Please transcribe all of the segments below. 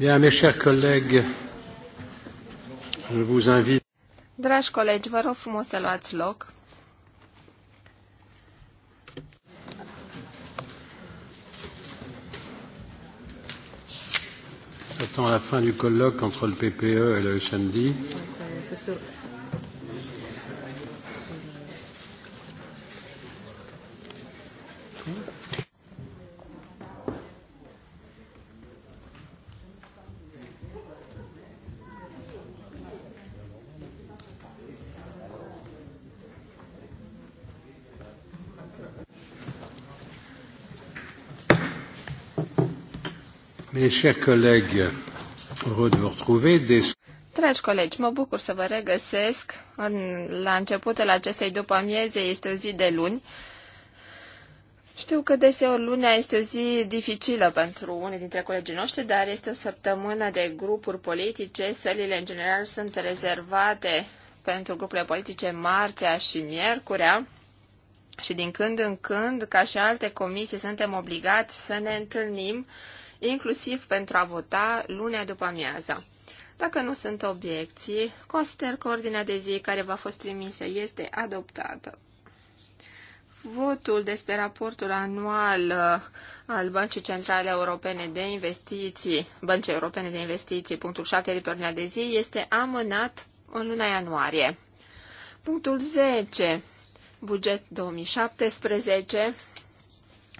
Bien, mes chers collègues, je vous invite. Dragi colegi, vă rog frumos să luați loc. J'attends la fin du colloque entre le PPE et le SND. Dragi colegi, mă bucur să vă regăsesc. În, la începutul acestei după amieze este o zi de luni. Știu că deseori lunea este o zi dificilă pentru unii dintre colegii noștri, dar este o săptămână de grupuri politice. Sălile, în general, sunt rezervate pentru grupurile politice marțea și miercurea. Și din când în când, ca și alte comisii, suntem obligați să ne întâlnim inclusiv pentru a vota lunea după amiaza. Dacă nu sunt obiecții, consider că ordinea de zi care v-a fost trimisă este adoptată. Votul despre raportul anual uh, al Băncii Centrale Europene de Investiții, Băncii Europene de Investiții, punctul 7 de pe ordinea de zi, este amânat în luna ianuarie. Punctul 10, buget 2017,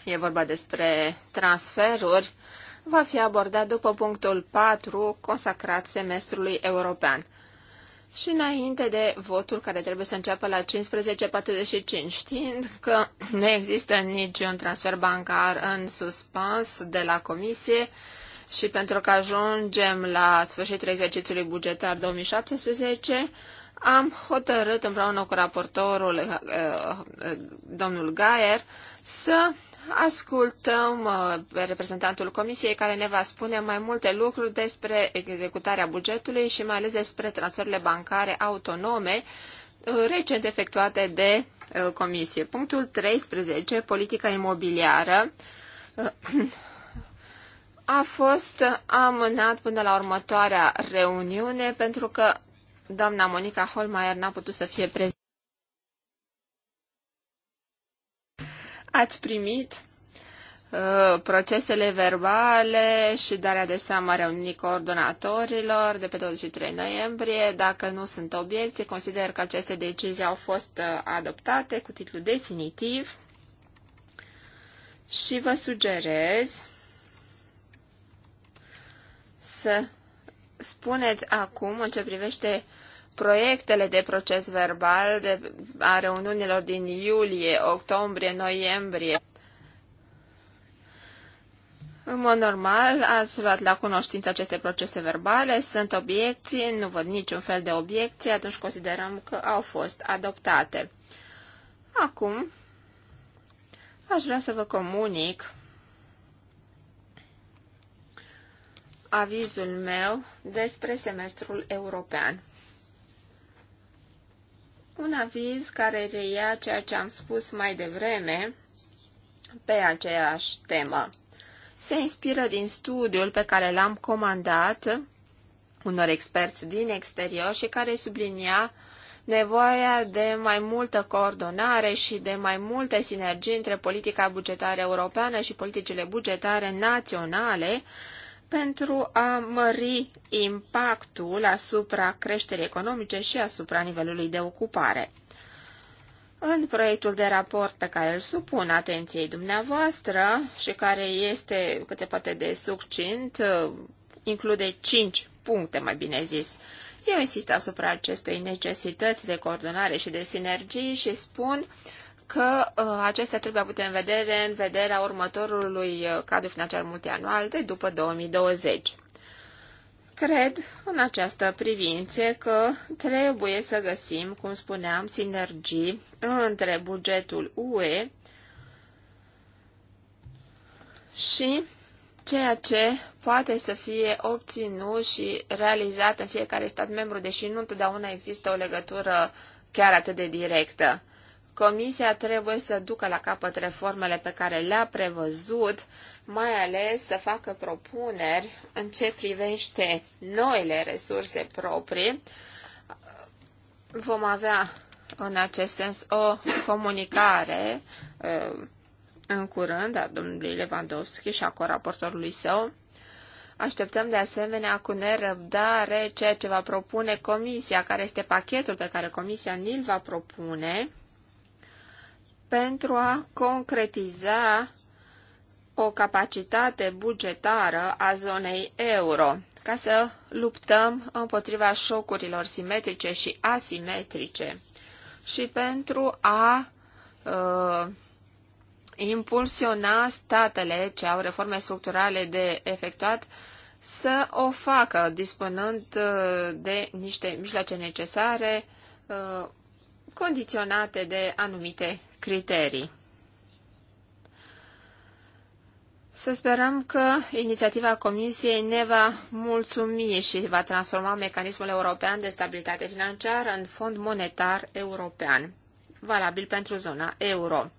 e vorba despre transferuri va fi abordat după punctul 4 consacrat semestrului european. Și înainte de votul care trebuie să înceapă la 15.45, știind că nu există niciun transfer bancar în suspans de la comisie și pentru că ajungem la sfârșitul exercițiului bugetar 2017, am hotărât împreună cu raportorul eh, eh, domnul Gaier să ascultăm uh, reprezentantul Comisiei care ne va spune mai multe lucruri despre executarea bugetului și mai ales despre transferurile bancare autonome uh, recent efectuate de uh, Comisie. Punctul 13, politica imobiliară, a fost amânat până la următoarea reuniune pentru că doamna Monica Holmeier n-a putut să fie prezentă. Ați primit uh, procesele verbale și darea de a reunii coordonatorilor de pe 23 noiembrie. Dacă nu sunt obiecții, consider că aceste decizii au fost uh, adoptate cu titlu definitiv și vă sugerez să spuneți acum în ce privește uh, proiectele de proces verbal de, a reuniunilor din iulie, octombrie, noiembrie. În mod normal, ați luat la cunoștință aceste procese verbale, sunt obiecții, nu văd niciun fel de obiecții, atunci considerăm că au fost adoptate. Acum, aș vrea să vă comunic avizul meu despre semestrul european un aviz care reia ceea ce am spus mai devreme pe aceeași temă. Se inspiră din studiul pe care l-am comandat unor experți din exterior și care sublinia nevoia de mai multă coordonare și de mai multe sinergii între politica bugetară europeană și politicile bugetare naționale pentru a mări impactul asupra creșterii economice și asupra nivelului de ocupare. În proiectul de raport pe care îl supun atenției dumneavoastră și care este cât se poate de succint, include cinci puncte, mai bine zis. Eu insist asupra acestei necesități de coordonare și de sinergii și spun uh, că uh, acestea trebuie avute în vedere în vederea următorului uh, cadru financiar multianual de după 2020. Cred în această privință că trebuie să găsim, cum spuneam, sinergii între bugetul UE și ceea ce poate să fie obținut și realizat în fiecare stat membru, deși nu întotdeauna există o legătură chiar atât de directă. Comisia trebuie să ducă la capăt reformele pe care le-a prevăzut, mai ales să facă propuneri în ce privește noile resurse proprii. Vom avea în acest sens o comunicare ă, în curând a domnului Lewandowski și a coraportorului său. Așteptăm de asemenea cu nerăbdare ceea ce va propune Comisia, care este pachetul pe care Comisia ni-l va propune pentru a concretiza o capacitate bugetară a zonei euro, ca să luptăm împotriva șocurilor simetrice și asimetrice și pentru a uh, impulsiona statele ce au reforme structurale de efectuat să o facă dispunând uh, de niște mijloace necesare uh, condiționate de anumite criterii. Să sperăm că inițiativa Comisiei ne va mulțumi și va transforma mecanismul european de stabilitate financiară în fond monetar european, valabil pentru zona euro.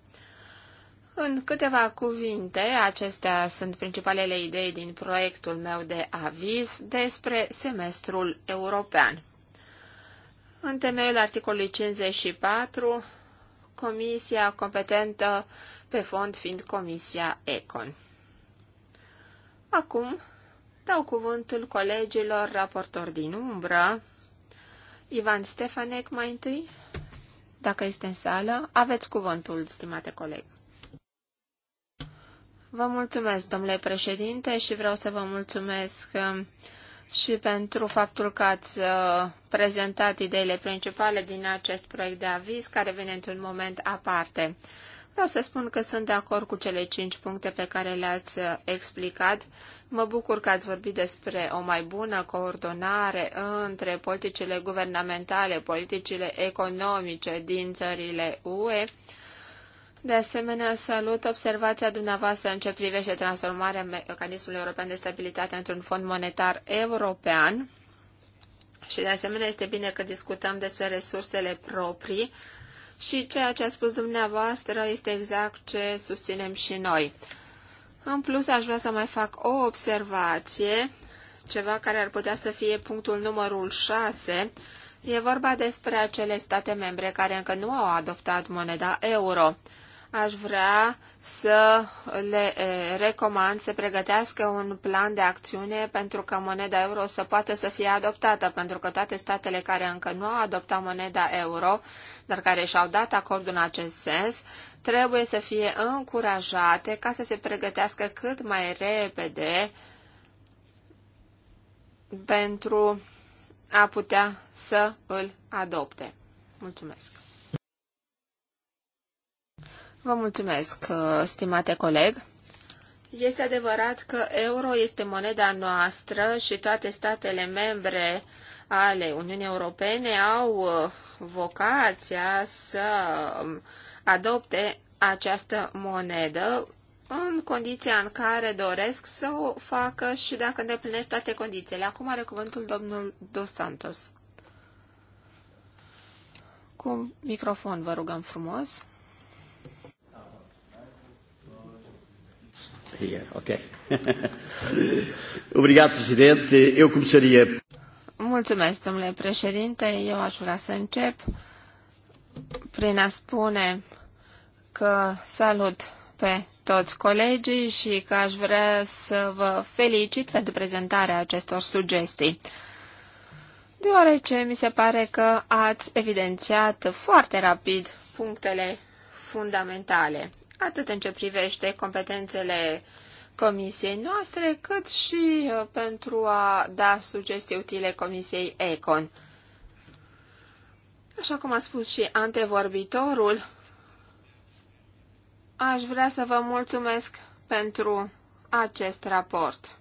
În câteva cuvinte, acestea sunt principalele idei din proiectul meu de aviz despre semestrul european. În temeiul articolului 54 comisia competentă pe fond fiind comisia ECON. Acum dau cuvântul colegilor raportori din umbră. Ivan Stefanec mai întâi, dacă este în sală, aveți cuvântul, stimate coleg. Vă mulțumesc, domnule președinte, și vreau să vă mulțumesc și pentru faptul că ați uh, prezentat ideile principale din acest proiect de aviz, care vine într-un moment aparte. Vreau să spun că sunt de acord cu cele cinci puncte pe care le-ați uh, explicat. Mă bucur că ați vorbit despre o mai bună coordonare între politicile guvernamentale, politicile economice din țările UE de asemenea, salut observația dumneavoastră în ce privește transformarea mecanismului european de stabilitate într-un fond monetar european. Și de asemenea este bine că discutăm despre resursele proprii și ceea ce a spus dumneavoastră este exact ce susținem și noi. În plus, aș vrea să mai fac o observație, ceva care ar putea să fie punctul numărul 6. E vorba despre acele state membre care încă nu au adoptat moneda euro aș vrea să le recomand să pregătească un plan de acțiune pentru că moneda euro să poată să fie adoptată, pentru că toate statele care încă nu au adoptat moneda euro, dar care și-au dat acordul în acest sens, trebuie să fie încurajate ca să se pregătească cât mai repede pentru a putea să îl adopte. Mulțumesc! Vă mulțumesc, uh, stimate coleg. Este adevărat că euro este moneda noastră și toate statele membre ale Uniunii Europene au uh, vocația să um, adopte această monedă în condiția în care doresc să o facă și dacă îndeplinesc toate condițiile. Acum are cuvântul domnul Dos Santos. Cu microfon, vă rugăm frumos. here. Obrigado, Presidente. Eu começaria... Mulțumesc, domnule președinte. Eu aș vrea să încep prin a spune că salut pe toți colegii și că aș vrea să vă felicit pentru prezentarea acestor sugestii, deoarece mi se pare că ați evidențiat foarte rapid punctele fundamentale atât în ce privește competențele comisiei noastre, cât și uh, pentru a da sugestii utile comisiei ECON. Așa cum a spus și antevorbitorul, aș vrea să vă mulțumesc pentru acest raport.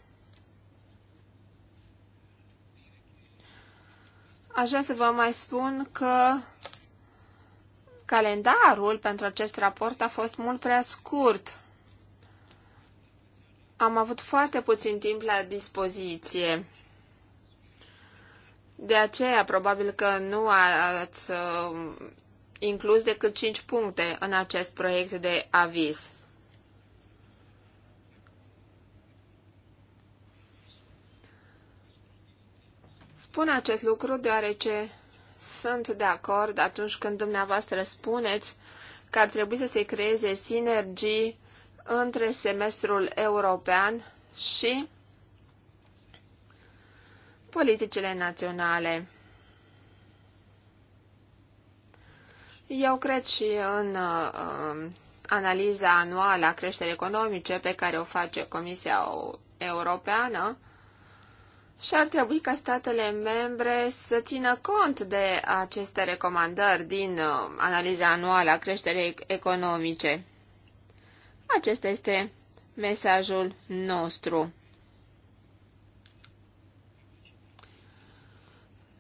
Aș vrea să vă mai spun că Calendarul pentru acest raport a fost mult prea scurt. Am avut foarte puțin timp la dispoziție. De aceea, probabil că nu ați uh, inclus decât 5 puncte în acest proiect de aviz. Spun acest lucru deoarece sunt de acord atunci când dumneavoastră spuneți că ar trebui să se creeze sinergii între semestrul european și politicile naționale. Eu cred și în uh, analiza anuală a creșterii economice pe care o face Comisia Europeană, și ar trebui ca statele membre să țină cont de aceste recomandări din uh, analiza anuală a creșterii economice. Acesta este mesajul nostru.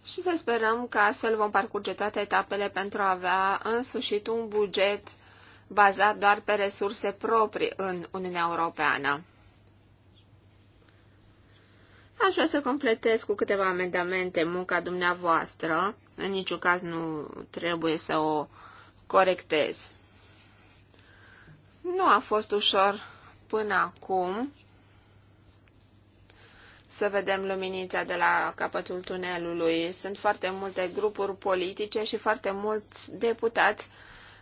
Și să sperăm că astfel vom parcurge toate etapele pentru a avea în sfârșit un buget bazat doar pe resurse proprii în Uniunea Europeană. Aș vrea să completez cu câteva amendamente munca dumneavoastră. În niciun caz nu trebuie să o corectez. Nu a fost ușor până acum să vedem luminița de la capătul tunelului. Sunt foarte multe grupuri politice și foarte mulți deputați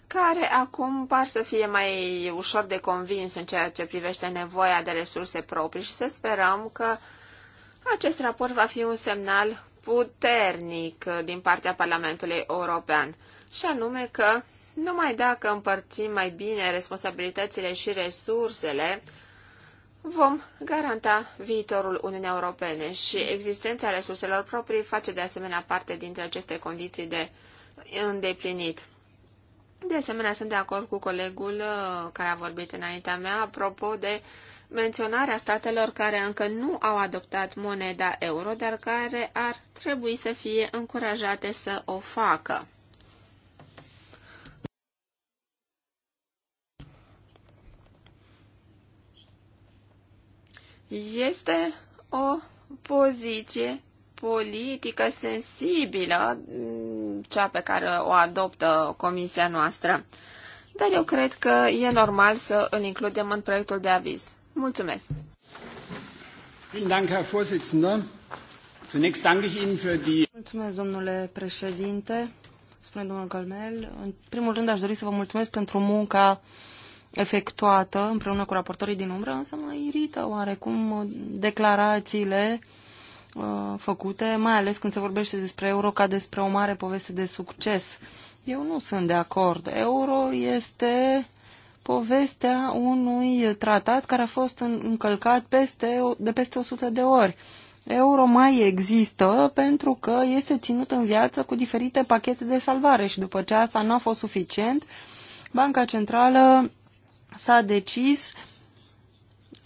care acum par să fie mai ușor de convins în ceea ce privește nevoia de resurse proprii și să sperăm că acest raport va fi un semnal puternic din partea Parlamentului European, și anume că numai dacă împărțim mai bine responsabilitățile și resursele, vom garanta viitorul Uniunii Europene și existența resurselor proprii face de asemenea parte dintre aceste condiții de îndeplinit. De asemenea, sunt de acord cu colegul uh, care a vorbit înaintea mea apropo de menționarea statelor care încă nu au adoptat moneda euro, dar care ar trebui să fie încurajate să o facă. Este o poziție politică sensibilă, mm, cea pe care o adoptă comisia noastră. Dar eu cred că e normal să îl includem în proiectul de aviz. Mulțumesc! Mulțumesc, domnule președinte, spune domnul Galmel. În primul rând aș dori să vă mulțumesc pentru munca efectuată împreună cu raportorii din umbră, însă mă irită oarecum declarațiile uh, făcute, mai ales când se vorbește despre euro ca despre o mare poveste de succes. Eu nu sunt de acord. Euro este povestea unui tratat care a fost încălcat peste, de peste 100 de ori. Euro mai există pentru că este ținut în viață cu diferite pachete de salvare și după ce asta nu a fost suficient, Banca Centrală s-a decis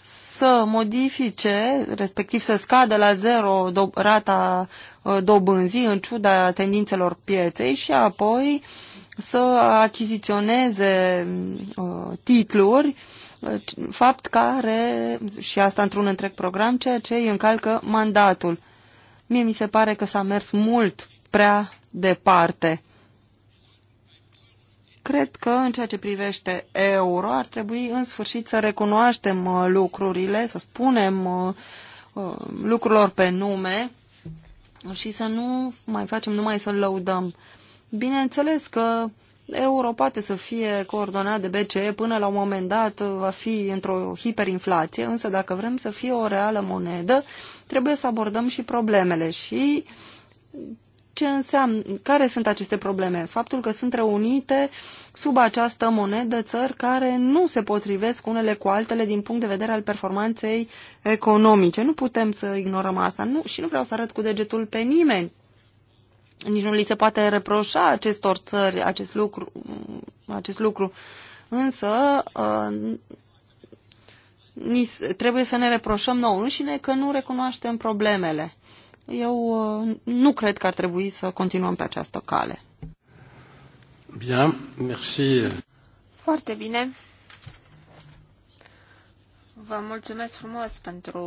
să modifice, respectiv să scadă la zero do- rata uh, dobânzii în ciuda tendințelor pieței și apoi uh, să achiziționeze uh, titluri, uh, fapt care, și asta într-un întreg program, ceea ce îi încalcă mandatul. Mie mi se pare că s-a mers mult prea departe. Cred că în ceea ce privește euro ar trebui în sfârșit să recunoaștem uh, lucrurile, să spunem lucrurilor pe nume și să nu mai facem numai să-l lăudăm. Bineînțeles că euro poate să fie coordonat de BCE până la un moment dat va fi într-o hiperinflație, însă dacă vrem să fie o reală monedă, trebuie să abordăm și problemele și ce înseamnă, care sunt aceste probleme? Faptul că sunt reunite sub această monedă țări care nu se potrivesc unele cu altele din punct de vedere al performanței economice. Nu putem să ignorăm asta nu, și nu vreau să arăt cu degetul pe nimeni nici nu li se poate reproșa acestor țări acest lucru. Mm, acest lucru. Însă, uh, trebuie să ne reproșăm nouă înșine că nu recunoaștem problemele. Eu uh, nu cred că ar trebui să continuăm pe această cale. Bien, merci. Foarte bine. Vă mulțumesc frumos pentru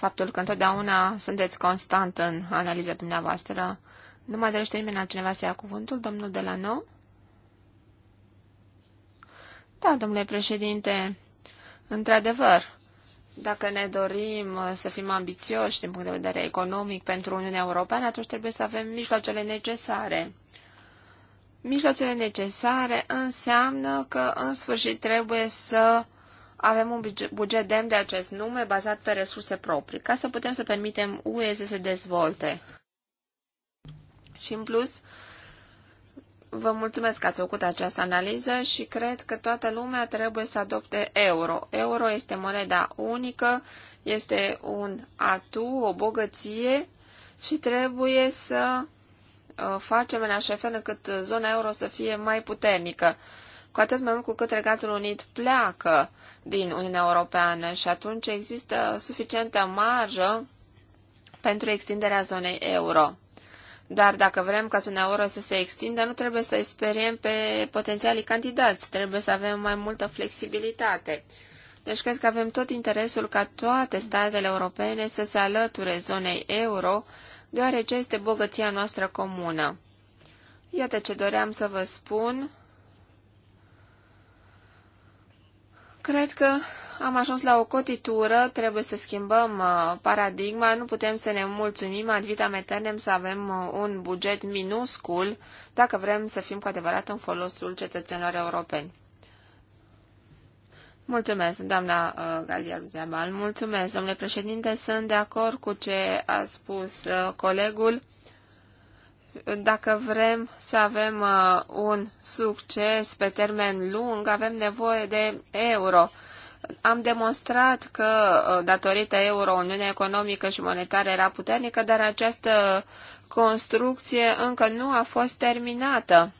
faptul că întotdeauna sunteți constant în analiza dumneavoastră. Nu mai dorește nimeni altcineva să ia cuvântul, domnul de la nou? Da, domnule președinte, într-adevăr, dacă ne dorim să fim ambițioși din punct de vedere economic pentru Uniunea Europeană, atunci trebuie să avem mijloacele necesare. Mijloacele necesare înseamnă că, în sfârșit, trebuie să avem un buget demn de acest nume, bazat pe resurse proprii, ca să putem să permitem UE să se dezvolte. Și în plus, vă mulțumesc că ați făcut această analiză și cred că toată lumea trebuie să adopte euro. Euro este moneda unică, este un atu, o bogăție și trebuie să uh, facem în așa fel încât zona euro să fie mai puternică cu atât mai mult cu cât Regatul Unit pleacă din Uniunea Europeană și atunci există suficientă marjă pentru extinderea zonei euro. Dar dacă vrem ca zona euro să se extindă, nu trebuie să speriem pe potențialii candidați, trebuie să avem mai multă flexibilitate. Deci cred că avem tot interesul ca toate statele europene să se alăture zonei euro, deoarece este bogăția noastră comună. Iată ce doream să vă spun Cred că am ajuns la o cotitură, trebuie să schimbăm uh, paradigma, nu putem să ne mulțumim ad vitam eternem să avem uh, un buget minuscul dacă vrem să fim cu adevărat în folosul cetățenilor europeni. Mulțumesc, doamna uh, Gaziar Zabal. Mulțumesc, domnule președinte. Sunt de acord cu ce a spus colegul dacă vrem să avem uh, un succes pe termen lung, avem nevoie de euro. Am demonstrat că uh, datorită euro Uniunea Economică și Monetară era puternică, dar această construcție încă nu a fost terminată.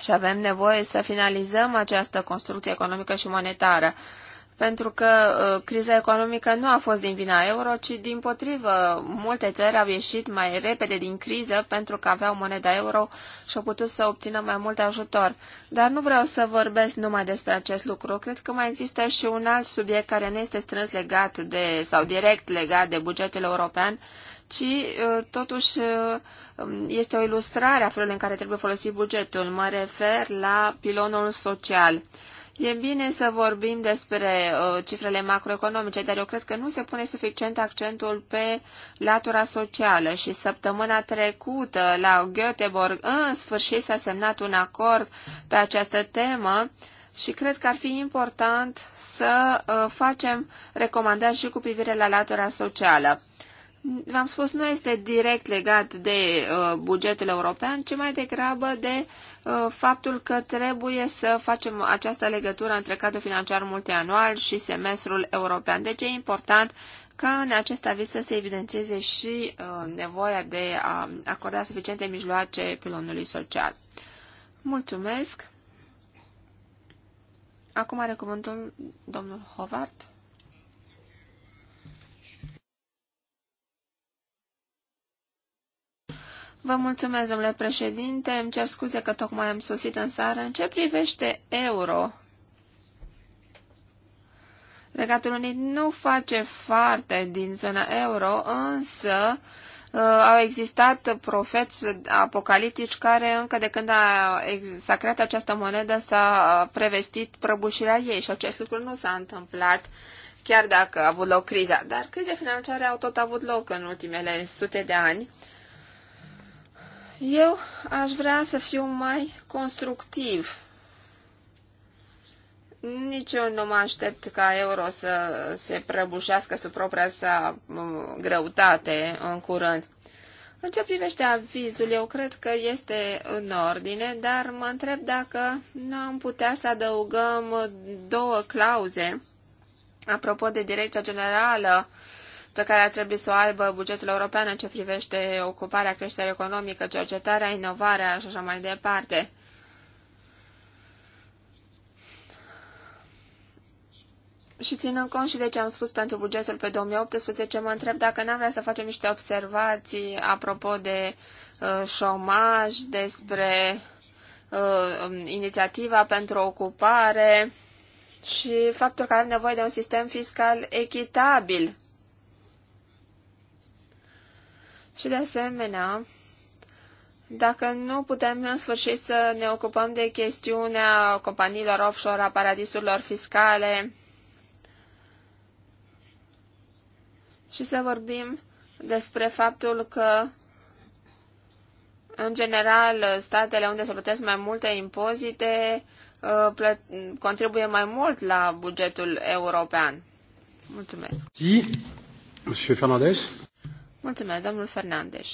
Și avem nevoie să finalizăm această construcție economică și monetară pentru că uh, criza economică nu a fost din vina euro, ci din potrivă, multe țări au ieșit mai repede din criză pentru că aveau moneda euro și au putut să obțină mai mult ajutor. Dar nu vreau să vorbesc numai despre acest lucru, cred că mai există și un alt subiect care nu este strâns legat de, sau direct legat de bugetul european, ci uh, totuși uh, este o ilustrare a felului în care trebuie folosit bugetul. Mă refer la pilonul social. E bine să vorbim despre uh, cifrele macroeconomice, dar eu cred că nu se pune suficient accentul pe latura socială și săptămâna trecută la Göteborg în sfârșit s-a semnat un acord pe această temă și cred că ar fi important să uh, facem recomandări și cu privire la latura socială v-am spus, nu este direct legat de uh, bugetul european, ci mai degrabă de uh, faptul că trebuie să facem această legătură între cadrul financiar multianual și semestrul european. Deci e important ca în acest aviz să se evidențieze și uh, nevoia de a acorda suficiente mijloace pilonului social. Mulțumesc! Acum are cuvântul domnul Howard. Vă mulțumesc, domnule președinte. Îmi cer scuze că tocmai am sosit în sară. În ce privește euro, Regatul Unit nu face parte din zona euro, însă uh, au existat profeți apocaliptici care încă de când a, s-a creat această monedă s-a prevestit prăbușirea ei și acest lucru nu s-a întâmplat chiar dacă a avut loc criza. Dar crize financiare au tot avut loc în ultimele sute de ani eu aș vrea să fiu mai constructiv. Nici eu nu mă aștept ca euro să se prăbușească sub propria sa greutate în curând. În ce privește avizul, eu cred că este în ordine, dar mă întreb dacă nu am putea să adăugăm două clauze apropo de Direcția Generală pe care ar trebui să o aibă bugetul european în ce privește ocuparea, creșterea economică, cercetarea, inovarea și așa mai departe. Și ținând cont și de ce am spus pentru bugetul pe 2018, mă întreb dacă n-am vrea să facem niște observații apropo de uh, șomaj, despre uh, um, inițiativa pentru ocupare și faptul că avem nevoie de un sistem fiscal echitabil Și de asemenea, dacă nu putem în sfârșit să ne ocupăm de chestiunea companiilor offshore, a paradisurilor fiscale și să vorbim despre faptul că în general, statele unde se plătesc mai multe impozite uh, contribuie mai mult la bugetul european. Mulțumesc. Si, Monsieur Fernandez. Mulțumesc, domnul Fernandes.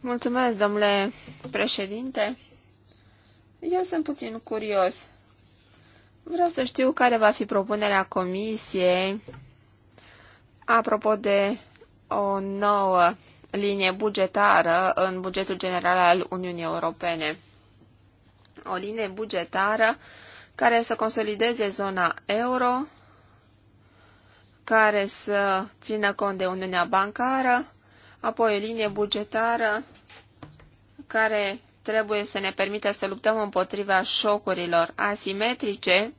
Mulțumesc, domnule președinte. Eu sunt puțin curios. Vreau să știu care va fi propunerea comisiei apropo de o nouă linie bugetară în bugetul general al Uniunii Europene. O linie bugetară care să consolideze zona euro care să țină cont de Uniunea Bancară, apoi o linie bugetară care trebuie să ne permită să luptăm împotriva șocurilor asimetrice,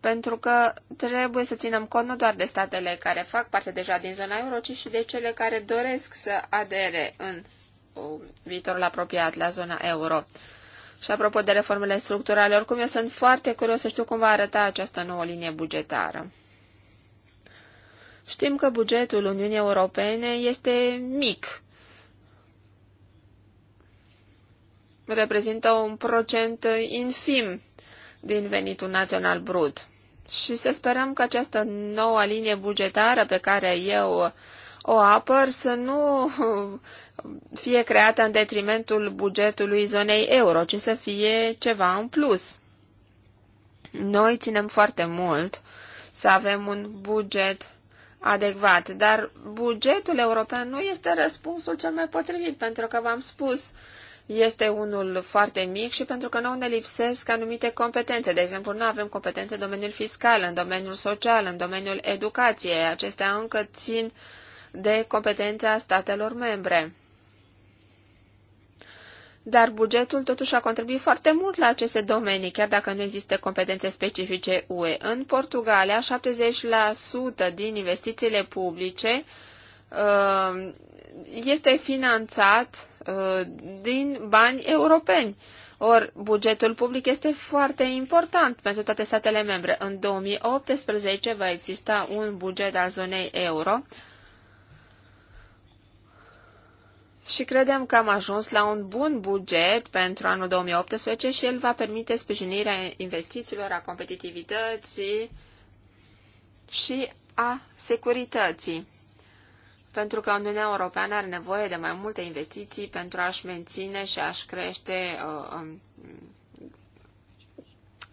pentru că trebuie să ținem cont nu doar de statele care fac parte deja din zona euro, ci și de cele care doresc să adere în uh, viitorul apropiat la zona euro. Și apropo de reformele structurale, oricum eu sunt foarte curios să știu cum va arăta această nouă linie bugetară. Știm că bugetul Uniunii Europene este mic. Reprezintă un procent infim din venitul național brut. Și să sperăm că această nouă linie bugetară pe care eu o apăr să nu fie creată în detrimentul bugetului zonei euro, ci să fie ceva în plus. Noi ținem foarte mult să avem un buget adecvat, dar bugetul european nu este răspunsul cel mai potrivit, pentru că v-am spus, este unul foarte mic și pentru că nouă ne lipsesc anumite competențe. De exemplu, nu avem competențe în domeniul fiscal, în domeniul social, în domeniul educației. Acestea încă țin de competența statelor membre dar bugetul totuși a contribuit foarte mult la aceste domenii, chiar dacă nu există competențe specifice UE. În Portugalia, 70% din investițiile publice uh, este finanțat uh, din bani europeni. Or, bugetul public este foarte important pentru toate statele membre. În 2018 va exista un buget al zonei euro și credem că am ajuns la un bun buget pentru anul 2018 și el va permite sprijinirea investițiilor, a competitivității și a securității. Pentru că Uniunea Europeană are nevoie de mai multe investiții pentru a-și menține și a-și crește uh, um,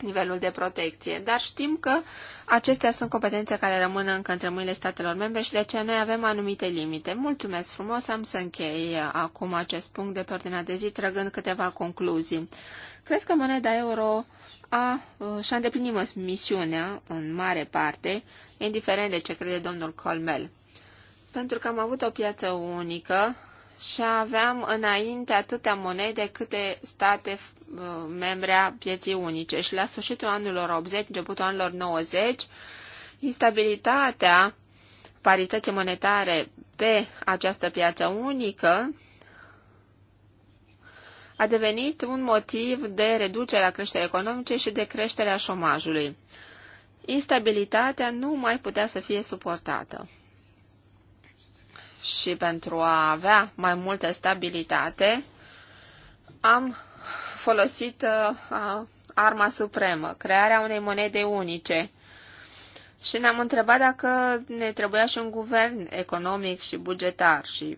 nivelul de protecție. Dar știm că acestea sunt competențe care rămân încă între mâinile statelor membre și de aceea noi avem anumite limite. Mulțumesc frumos, am să închei uh, acum acest punct de pe ordinea de zi, trăgând câteva concluzii. Cred că moneda euro a, uh, și-a îndeplinit misiunea în mare parte, indiferent de ce crede domnul Colmel. Pentru că am avut o piață unică și aveam înainte atâtea monede câte state Uh, membre a pieții unice și la sfârșitul anilor 80, începutul anilor 90, instabilitatea parității monetare pe această piață unică a devenit un motiv de reducere a creșterii economice și de creșterea șomajului. Instabilitatea nu mai putea să fie suportată. Și pentru a avea mai multă stabilitate, am folosit arma supremă, crearea unei monede unice. Și ne-am întrebat dacă ne trebuia și un guvern economic și bugetar. Și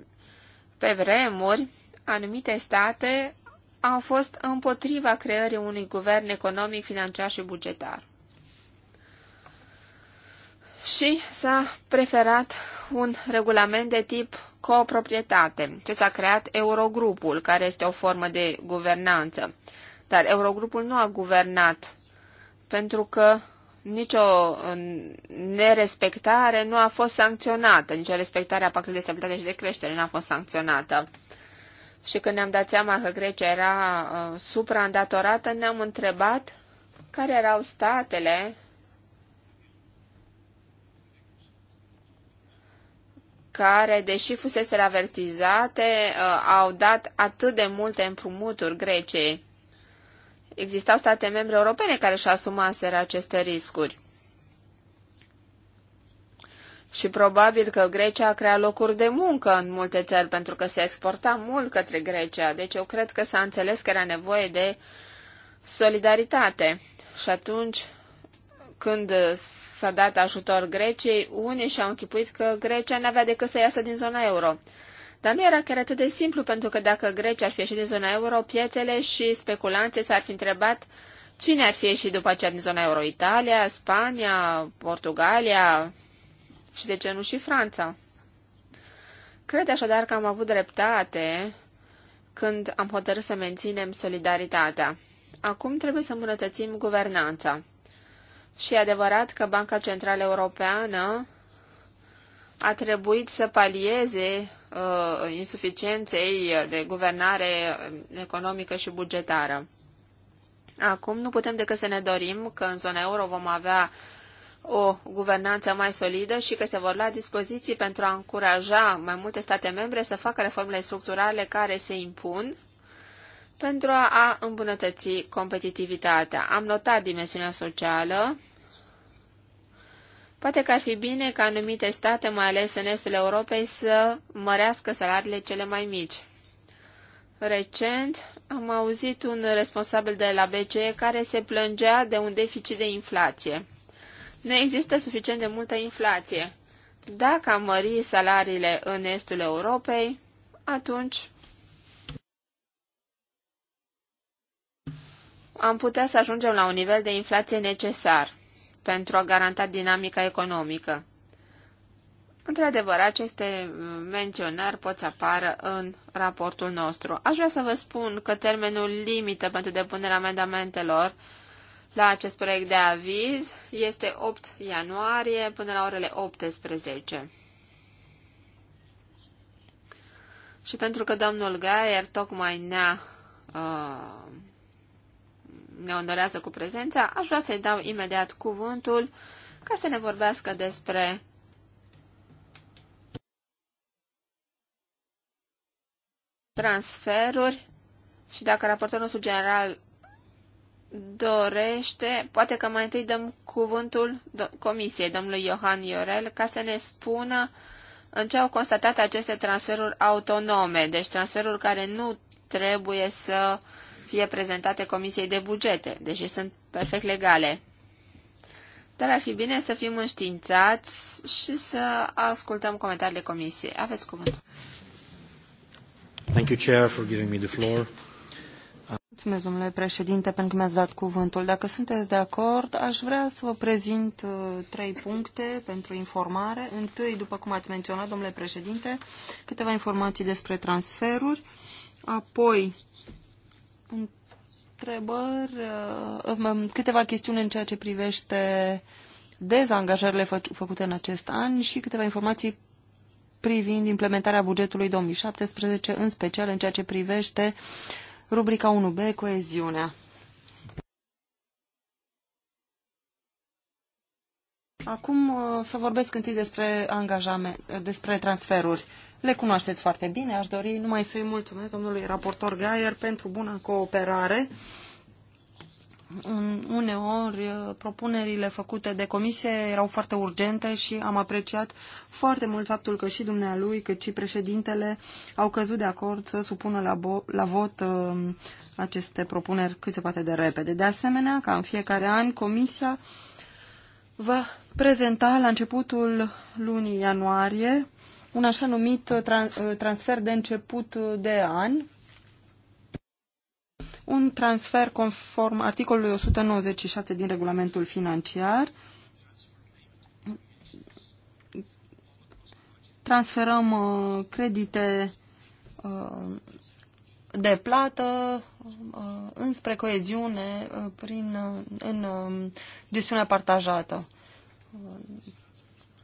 pe vremuri, anumite state au fost împotriva creării unui guvern economic, financiar și bugetar și s-a preferat un regulament de tip coproprietate, ce s-a creat Eurogrupul, care este o formă de guvernanță. Dar Eurogrupul nu a guvernat, pentru că nicio nerespectare nu a fost sancționată, nicio respectare a pactului de stabilitate și de creștere nu a fost sancționată. Și când ne-am dat seama că Grecia era uh, supraîndatorată, ne-am întrebat care erau statele care, deși fusese avertizate, uh, au dat atât de multe împrumuturi Greciei. Existau state membre europene care și asumaseră aceste riscuri. Și probabil că Grecia a creat locuri de muncă în multe țări, pentru că se exporta mult către Grecia. Deci eu cred că s-a înțeles că era nevoie de solidaritate. Și atunci când uh, s-a dat ajutor Greciei, unii și-au închipuit că Grecia n-avea decât să iasă din zona euro. Dar nu era chiar atât de simplu, pentru că dacă Grecia ar fi ieșit din zona euro, piețele și speculanții s-ar fi întrebat cine ar fi ieșit după aceea din zona euro. Italia, Spania, Portugalia și de ce nu și Franța. Cred așadar că am avut dreptate când am hotărât să menținem solidaritatea. Acum trebuie să îmbunătățim guvernanța. Și e adevărat că Banca Centrală Europeană a trebuit să palieze uh, insuficienței de guvernare economică și bugetară. Acum nu putem decât să ne dorim că în zona euro vom avea o guvernanță mai solidă și că se vor lua dispoziții pentru a încuraja mai multe state membre să facă reformele structurale care se impun pentru a îmbunătăți competitivitatea. Am notat dimensiunea socială. Poate că ar fi bine ca anumite state, mai ales în estul Europei, să mărească salariile cele mai mici. Recent am auzit un responsabil de la BCE care se plângea de un deficit de inflație. Nu există suficient de multă inflație. Dacă am mări salariile în estul Europei, atunci am putea să ajungem la un nivel de inflație necesar pentru a garanta dinamica economică. Într-adevăr, aceste menționări pot să apară în raportul nostru. Aș vrea să vă spun că termenul limită pentru depunerea amendamentelor la acest proiect de aviz este 8 ianuarie până la orele 18. Și pentru că domnul Gaier tocmai ne-a uh, ne onorează cu prezența, aș vrea să-i dau imediat cuvântul ca să ne vorbească despre transferuri și dacă raportorul nostru general dorește, poate că mai întâi dăm cuvântul comisiei domnului Iohan Iorel ca să ne spună în ce au constatat aceste transferuri autonome, deci transferuri care nu trebuie să uh, fie prezentate Comisiei de Bugete, deși sunt perfect legale. Dar ar fi bine să fim înștiințați și să ascultăm comentariile Comisiei. Aveți cuvântul. Thank you, Chair, for giving me the floor. Mulțumesc, domnule președinte, pentru că mi-ați dat cuvântul. Dacă sunteți de acord, aș vrea să vă prezint uh, trei puncte pentru informare. Întâi, după cum ați menționat, domnule președinte, câteva informații despre transferuri, apoi întrebări, uh, um, câteva chestiuni în ceea ce privește dezangajările fă făcute în acest an și câteva informații privind implementarea bugetului 2017, în special în ceea ce privește rubrica 1B, coeziunea. Acum uh, să vorbesc întâi despre angajame, despre transferuri le cunoașteți foarte bine. Aș dori numai să-i mulțumesc domnului raportor Gaier pentru bună cooperare. Uneori uh, propunerile făcute de comisie erau foarte urgente și am apreciat foarte mult faptul că și dumnealui, cât și președintele au căzut de acord să supună la, la vot uh, aceste propuneri cât se poate de repede. De asemenea, ca în fiecare an, comisia va prezenta la începutul lunii ianuarie un așa numit uh, uh, transfer de început uh, de an, un transfer conform articolului 197 din regulamentul financiar. Transferăm credite de plată înspre coeziune prin, în gestiunea partajată.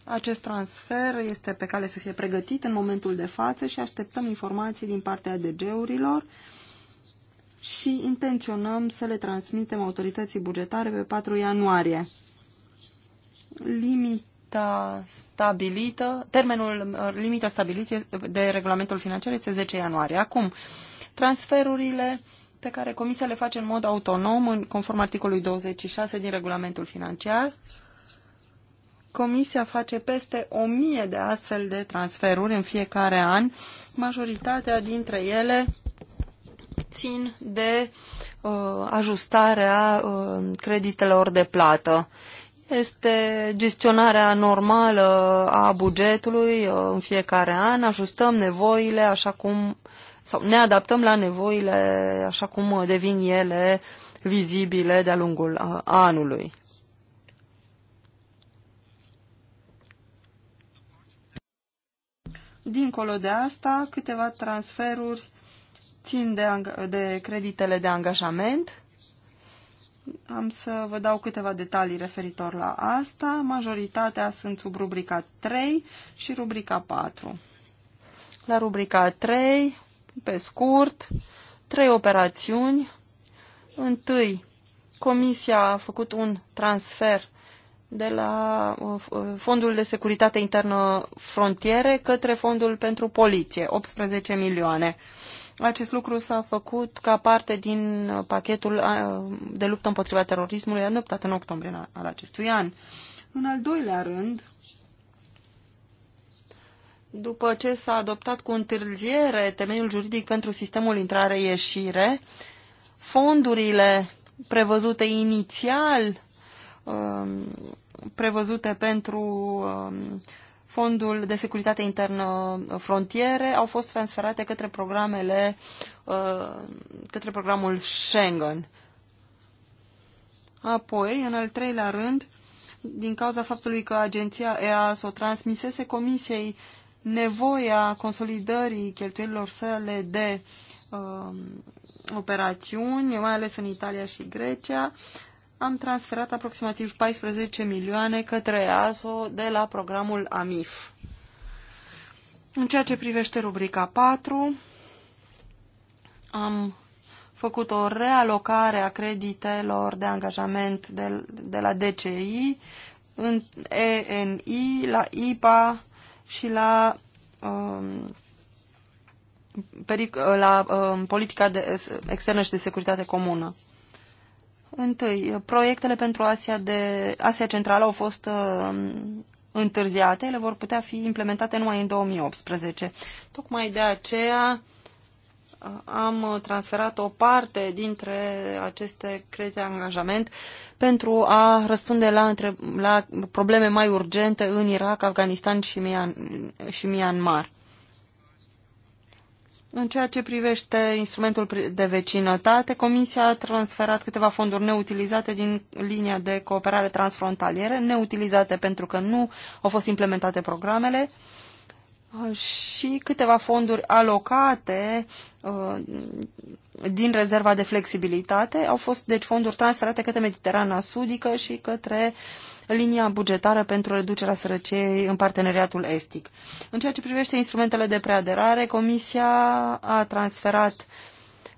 Acest transfer este pe cale să fie pregătit în momentul de față și așteptăm informații din partea DG-urilor și intenționăm să le transmitem autorității bugetare pe 4 ianuarie. Limita stabilită, termenul uh, limita stabilită de regulamentul financiar este 10 ianuarie. Acum, transferurile pe care Comisia le face în mod autonom, în conform articolului 26 din regulamentul financiar, Comisia face peste o mie de astfel de transferuri în fiecare an, majoritatea dintre ele țin de uh, ajustarea uh, creditelor de plată. Este gestionarea normală a bugetului uh, în fiecare an, ajustăm nevoile așa cum sau ne adaptăm la nevoile așa cum uh, devin ele vizibile de-a lungul uh, anului. Dincolo de asta, câteva transferuri țin de, de creditele de angajament. Am să vă dau câteva detalii referitor la asta. Majoritatea sunt sub rubrica 3 și rubrica 4. La rubrica 3, pe scurt, trei operațiuni. Întâi, Comisia a făcut un transfer de la uh, uh, Fondul de Securitate Internă Frontiere către Fondul pentru Poliție, 18 milioane. Acest lucru s-a făcut ca parte din pachetul uh, de luptă împotriva terorismului adoptat în octombrie al acestui an. În al doilea rând, după ce s-a adoptat cu întârziere temeiul juridic pentru sistemul intrare-ieșire, fondurile prevăzute inițial um, prevăzute pentru um, Fondul de Securitate Internă Frontiere au fost transferate către programele uh, către programul Schengen. Apoi, în al treilea rând, din cauza faptului că agenția o transmisese comisiei nevoia consolidării cheltuielilor sale de uh, operațiuni, mai ales în Italia și Grecia, am transferat aproximativ 14 milioane către ASO de la programul AMIF. În ceea ce privește rubrica 4, am făcut o realocare a creditelor de angajament de, de la DCI în ENI, la IPA și la, um, peric, la um, politica de, externă și de securitate comună. Întâi, proiectele pentru Asia, de, Asia Centrală au fost uh, întârziate, ele vor putea fi implementate numai în 2018. Tocmai de aceea uh, am transferat o parte dintre aceste credite de angajament pentru a răspunde la, între, la probleme mai urgente în Irak, Afganistan și, Mian, și Myanmar. În ceea ce privește instrumentul de vecinătate, Comisia a transferat câteva fonduri neutilizate din linia de cooperare transfrontaliere, neutilizate pentru că nu au fost implementate programele, uh, și câteva fonduri alocate uh, din rezerva de flexibilitate. Au fost, deci, fonduri transferate către Mediterana Sudică și către uh, linia bugetară pentru reducerea sărăciei în parteneriatul estic. În ceea ce privește instrumentele de preaderare, Comisia a transferat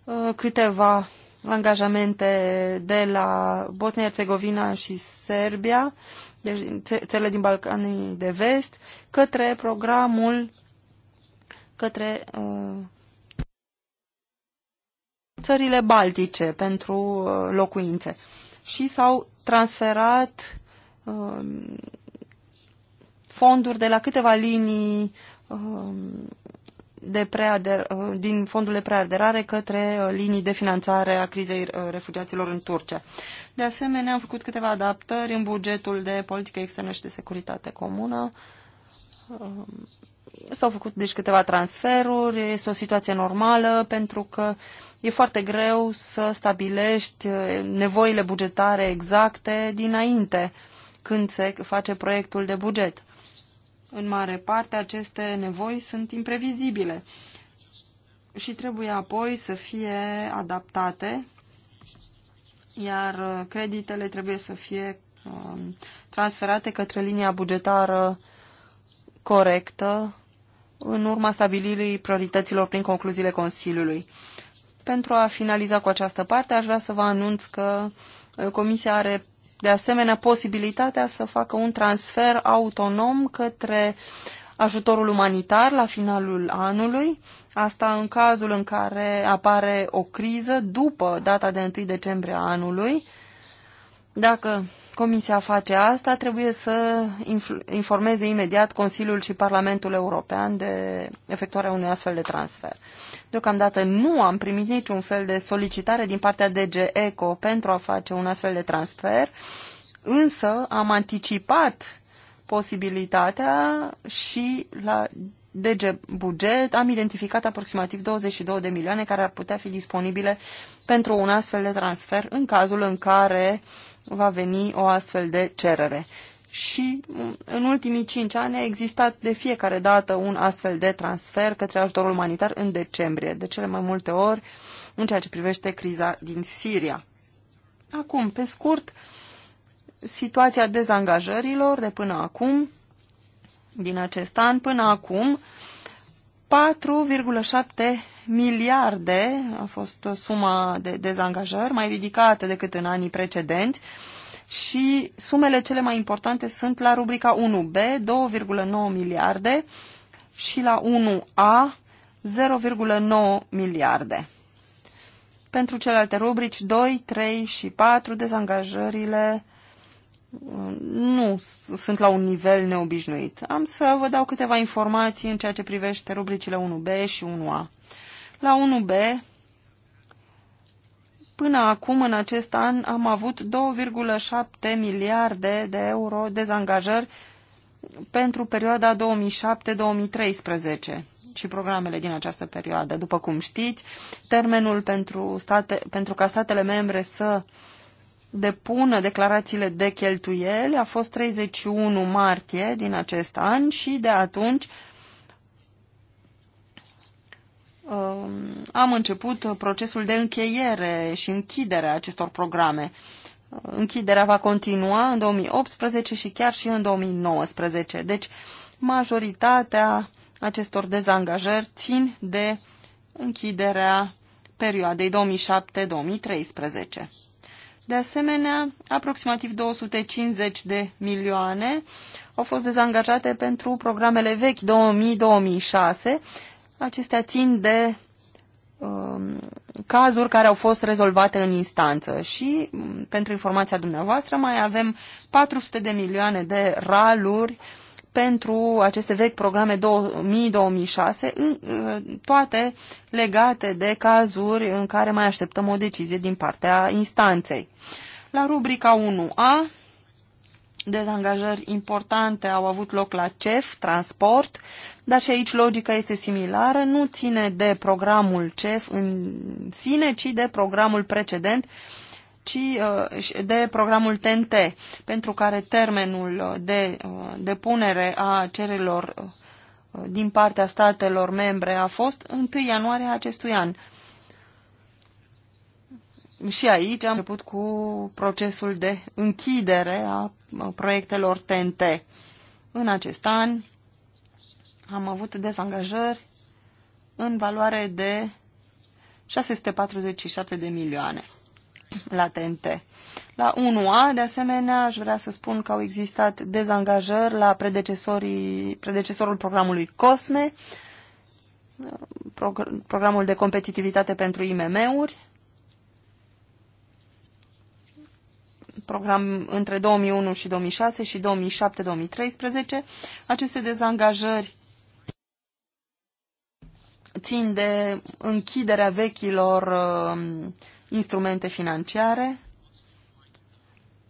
uh, câteva angajamente de la Bosnia-Herzegovina și Serbia, deci țările din Balcanii de Vest, către programul către uh, țările baltice pentru uh, locuințe și s-au transferat Um, fonduri de la câteva linii um, de preader, uh, din fondurile preaderare către uh, linii de finanțare a crizei uh, refugiaților în Turcia. De asemenea, am făcut câteva adaptări în bugetul de politică externă și de securitate comună. Um, s-au făcut deci câteva transferuri, este o situație normală pentru că e foarte greu să stabilești nevoile bugetare exacte dinainte când se face proiectul de buget. În mare parte, aceste nevoi sunt imprevizibile și trebuie apoi să fie adaptate, iar creditele trebuie să fie um, transferate către linia bugetară corectă în urma stabilirii priorităților prin concluziile Consiliului. Pentru a finaliza cu această parte, aș vrea să vă anunț că uh, Comisia are de asemenea posibilitatea să facă un transfer autonom către ajutorul umanitar la finalul anului, asta în cazul în care apare o criză după data de 1 decembrie a anului, dacă Comisia face asta, trebuie să informeze imediat Consiliul și Parlamentul European de efectuarea unui astfel de transfer. Deocamdată nu am primit niciun fel de solicitare din partea DG ECO pentru a face un astfel de transfer, însă am anticipat posibilitatea și la DG Buget am identificat aproximativ 22 de milioane care ar putea fi disponibile pentru un astfel de transfer în cazul în care uh, va veni o astfel de cerere. Și mm, în ultimii cinci ani a existat de fiecare dată un astfel de transfer către ajutorul umanitar în decembrie, de cele mai multe ori în ceea ce privește criza din Siria. Acum, pe scurt, situația dezangajărilor de până acum, din acest an până acum, 4,7 miliarde a fost suma de dezangajări, mai ridicată decât în anii precedenți și sumele cele mai importante sunt la rubrica 1B, 2,9 miliarde și la 1A, 0,9 miliarde. Pentru celelalte rubrici 2, 3 și 4, dezangajările uh, nu sunt la un nivel neobișnuit. Am să vă dau câteva informații în ceea ce privește rubricile 1B și 1A. La 1B, până acum, în acest an, am avut 2,7 miliarde de euro dezangajări pentru perioada 2007-2013 și programele din această perioadă. După cum știți, termenul pentru, state, pentru ca statele membre să depună declarațiile de cheltuieli a fost 31 martie din acest an și de atunci Um, am început procesul de încheiere și închidere a acestor programe. Uh, închiderea va continua în 2018 și chiar și în 2019. Deci, majoritatea acestor dezangajări țin de închiderea perioadei 2007-2013. De asemenea, aproximativ 250 de milioane au fost dezangajate pentru programele vechi 2000-2006, Acestea țin de um, cazuri care au fost rezolvate în instanță și, um, pentru informația dumneavoastră, mai avem 400 de milioane de raluri pentru aceste vechi programe 2000-2006, uh, toate legate de cazuri în care mai așteptăm o decizie din partea instanței. La rubrica 1A dezangajări importante au avut loc la CEF, transport, dar și aici logica este similară, nu ține de programul CEF în sine, ci de programul precedent, ci uh, de programul TNT, pentru care termenul de uh, depunere a cererilor uh, din partea statelor membre a fost 1 ianuarie acestui an și aici am început cu procesul de închidere a proiectelor TNT. În acest an am avut dezangajări în valoare de 647 de milioane la TNT. La 1A, de asemenea, aș vrea să spun că au existat dezangajări la predecesorii, predecesorul programului COSME, programul de competitivitate pentru IMM-uri, program între 2001 și 2006 și 2007-2013. Aceste dezangajări țin de închiderea vechilor uh, instrumente financiare.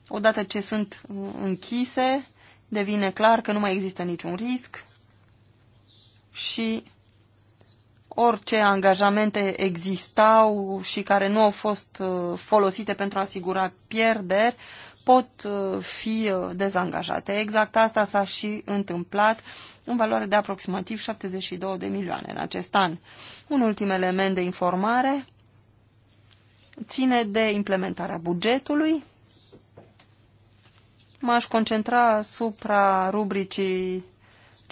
Odată ce sunt uh, închise, devine clar că nu mai există niciun risc și orice angajamente existau și care nu au fost uh, folosite pentru a asigura pierderi pot uh, fi uh, dezangajate. Exact asta s-a și întâmplat în valoare de aproximativ 72 de milioane în acest an. Un ultim element de informare ține de implementarea bugetului. M-aș concentra asupra rubricii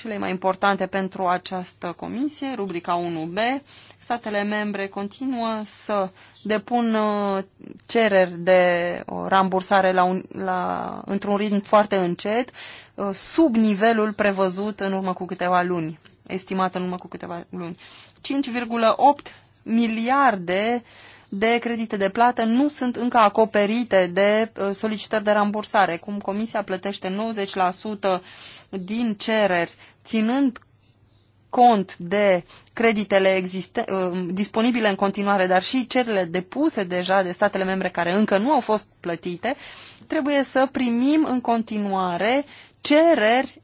cele mai importante pentru această comisie, rubrica 1b, statele membre continuă să depun cereri de rambursare la un, la, într-un ritm foarte încet, uh, sub nivelul prevăzut în urmă cu câteva luni, estimat în urmă cu câteva luni. 5,8 miliarde uh, de credite de plată nu sunt încă acoperite de uh, solicitări de rambursare. Cum Comisia plătește 90% din cereri, ținând cont de creditele existe, uh, disponibile în continuare, dar și cererile depuse deja de statele membre care încă nu au fost plătite, trebuie să primim în continuare cereri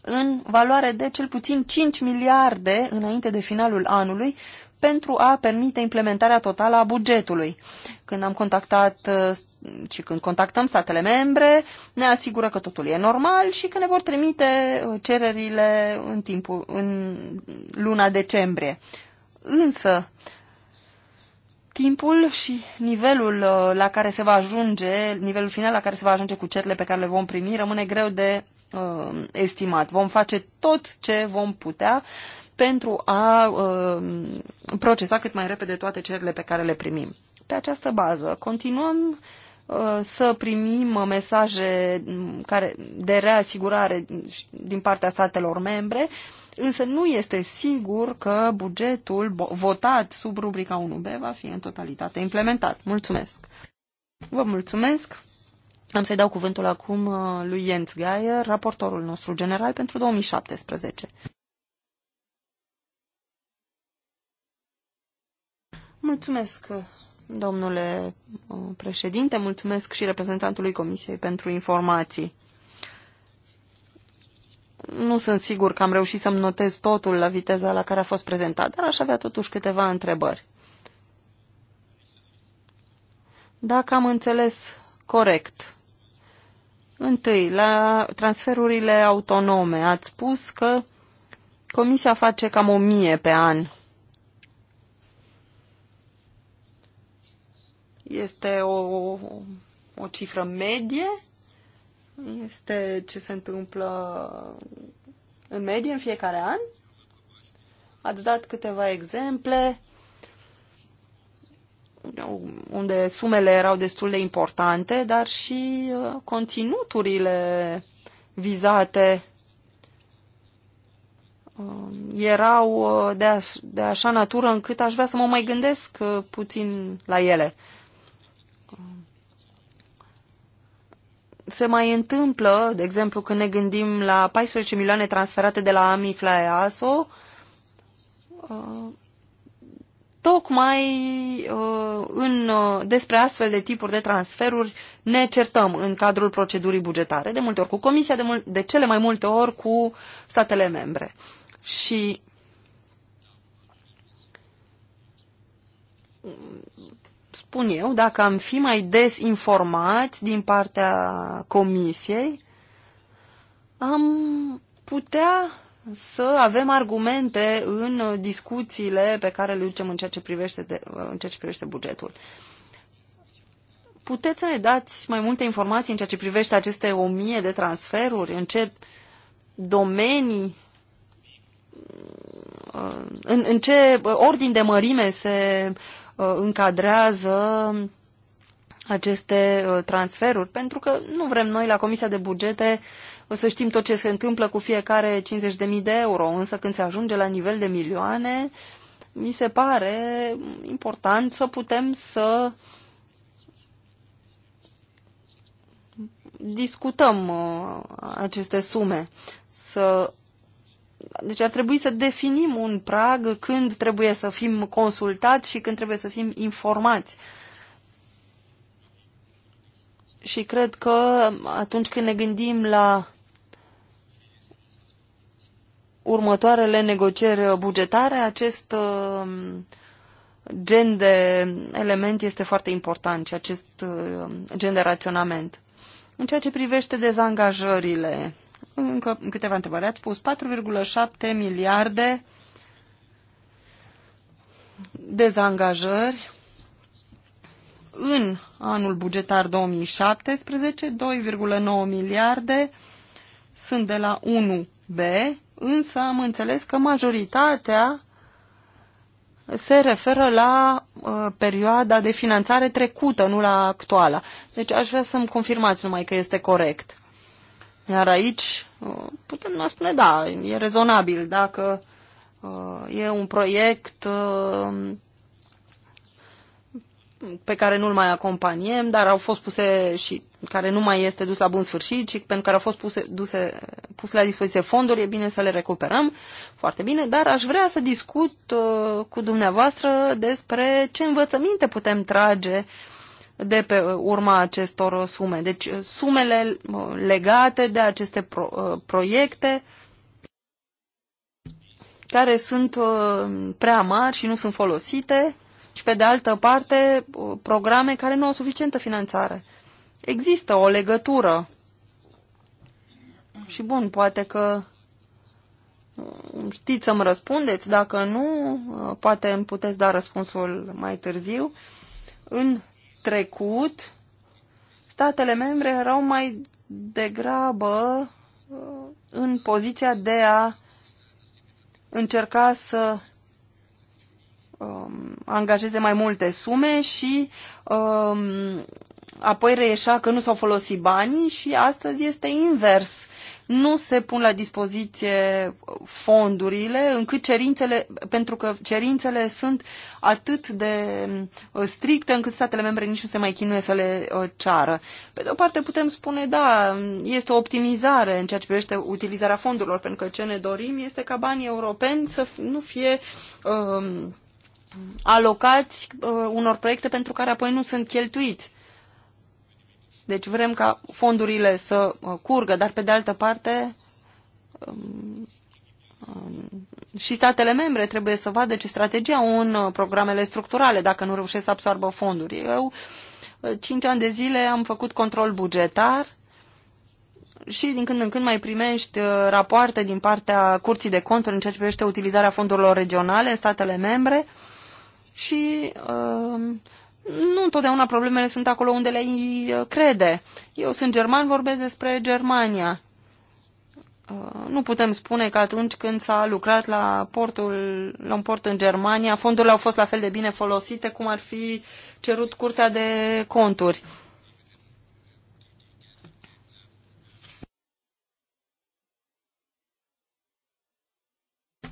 în valoare de cel puțin 5 miliarde înainte de finalul anului pentru a permite implementarea totală a bugetului. Când am contactat uh, și când contactăm statele membre, ne asigură că totul e normal și că ne vor trimite uh, cererile în timpul în luna decembrie. Însă timpul și nivelul uh, la care se va ajunge, nivelul final la care se va ajunge cu cererile pe care le vom primi, rămâne greu de uh, estimat. Vom face tot ce vom putea pentru a um, procesa cât mai repede toate cererile pe care le primim. Pe această bază continuăm uh, să primim mesaje mm, care, de reasigurare din partea statelor membre, însă nu este sigur că bugetul votat sub rubrica 1B va fi în totalitate implementat. Mulțumesc! Vă mulțumesc! Am să-i dau cuvântul acum uh, lui Jens Geier, raportorul nostru general pentru 2017. Mulțumesc, domnule uh, președinte, mulțumesc și reprezentantului Comisiei pentru informații. Nu sunt sigur că am reușit să-mi notez totul la viteza la care a fost prezentat, dar aș avea totuși câteva întrebări. Dacă am înțeles corect, întâi, la transferurile autonome, ați spus că Comisia face cam o mie pe an Este o, o cifră medie? Este ce se întâmplă în medie în fiecare an? Ați dat câteva exemple unde sumele erau destul de importante, dar și uh, conținuturile vizate uh, erau uh, de, de așa natură încât aș vrea să mă mai gândesc puțin la ele. se mai întâmplă, de exemplu, când ne gândim la 14 milioane transferate de la AMIF la EASO, uh, tocmai uh, în, uh, despre astfel de tipuri de transferuri ne certăm în cadrul procedurii bugetare, de multe ori cu Comisia, de, mul- de cele mai multe ori cu statele membre. Și spun eu, dacă am fi mai des informați din partea comisiei, am putea să avem argumente în discuțiile pe care le ducem în ceea ce privește, de, în ceea ce privește bugetul. Puteți să ne dați mai multe informații în ceea ce privește aceste o mie de transferuri, în ce domenii, în, în ce ordin de mărime se Uh, încadrează aceste uh, transferuri, pentru că nu vrem noi la Comisia de Bugete uh, să știm tot ce se întâmplă cu fiecare 50.000 de euro, însă când se ajunge la nivel de milioane, mi se pare important să putem să discutăm aceste sume, să deci ar trebui să definim un prag când trebuie să fim consultați și când trebuie să fim informați. Și cred că atunci când ne gândim la următoarele negocieri bugetare, acest uh, gen de element este foarte important și acest uh, gen de raționament. În ceea ce privește dezangajările încă câteva întrebări. Ați spus 4,7 miliarde dezangajări în anul bugetar 2017, 2,9 miliarde sunt de la 1B, însă am înțeles că majoritatea se referă la uh, perioada de finanțare trecută, nu la actuala. Deci aș vrea să-mi confirmați numai că este corect. Iar aici Uh, putem spune, da, e rezonabil dacă uh, e un proiect uh, pe care nu-l mai acompaniem, dar au fost puse și care nu mai este dus la bun sfârșit, ci pentru care au fost puse, duse, puse la dispoziție fonduri, e bine să le recuperăm, foarte bine, dar aș vrea să discut uh, cu dumneavoastră despre ce învățăminte putem trage de pe urma acestor sume. Deci uh, sumele uh, legate de aceste pro, uh, proiecte care sunt prea mari și nu sunt folosite și pe de altă parte programe care nu au suficientă finanțare. Există o legătură. Și bun, poate că știți să-mi răspundeți, dacă nu, poate îmi puteți da răspunsul mai târziu. În trecut, statele membre erau mai degrabă uh, în poziția de a încerca să um, angajeze mai multe sume și um, apoi reieșa că nu s-au folosit banii și astăzi este invers nu se pun la dispoziție fondurile, încât cerințele, pentru că cerințele sunt atât de uh, stricte încât statele membre nici nu se mai chinuie să le uh, ceară. Pe de o parte putem spune, da, este o optimizare în ceea ce privește utilizarea fondurilor, pentru că ce ne dorim este ca banii europeni să nu fie um, alocați uh, unor proiecte pentru care apoi nu sunt cheltuiți deci vrem ca fondurile să uh, curgă, dar pe de altă parte um, um, și statele membre trebuie să vadă ce strategie au în uh, programele structurale dacă nu reușesc să absorbă fonduri. Eu uh, cinci ani de zile am făcut control bugetar și din când în când mai primești rapoarte din partea Curții de Conturi în ceea ce privește utilizarea fondurilor regionale în statele membre și uh, nu întotdeauna problemele sunt acolo unde le uh, crede. Eu sunt german, vorbesc despre Germania. Uh, nu putem spune că atunci când s-a lucrat la, portul, la un port în Germania, fondurile au fost la fel de bine folosite cum ar fi cerut curtea de conturi.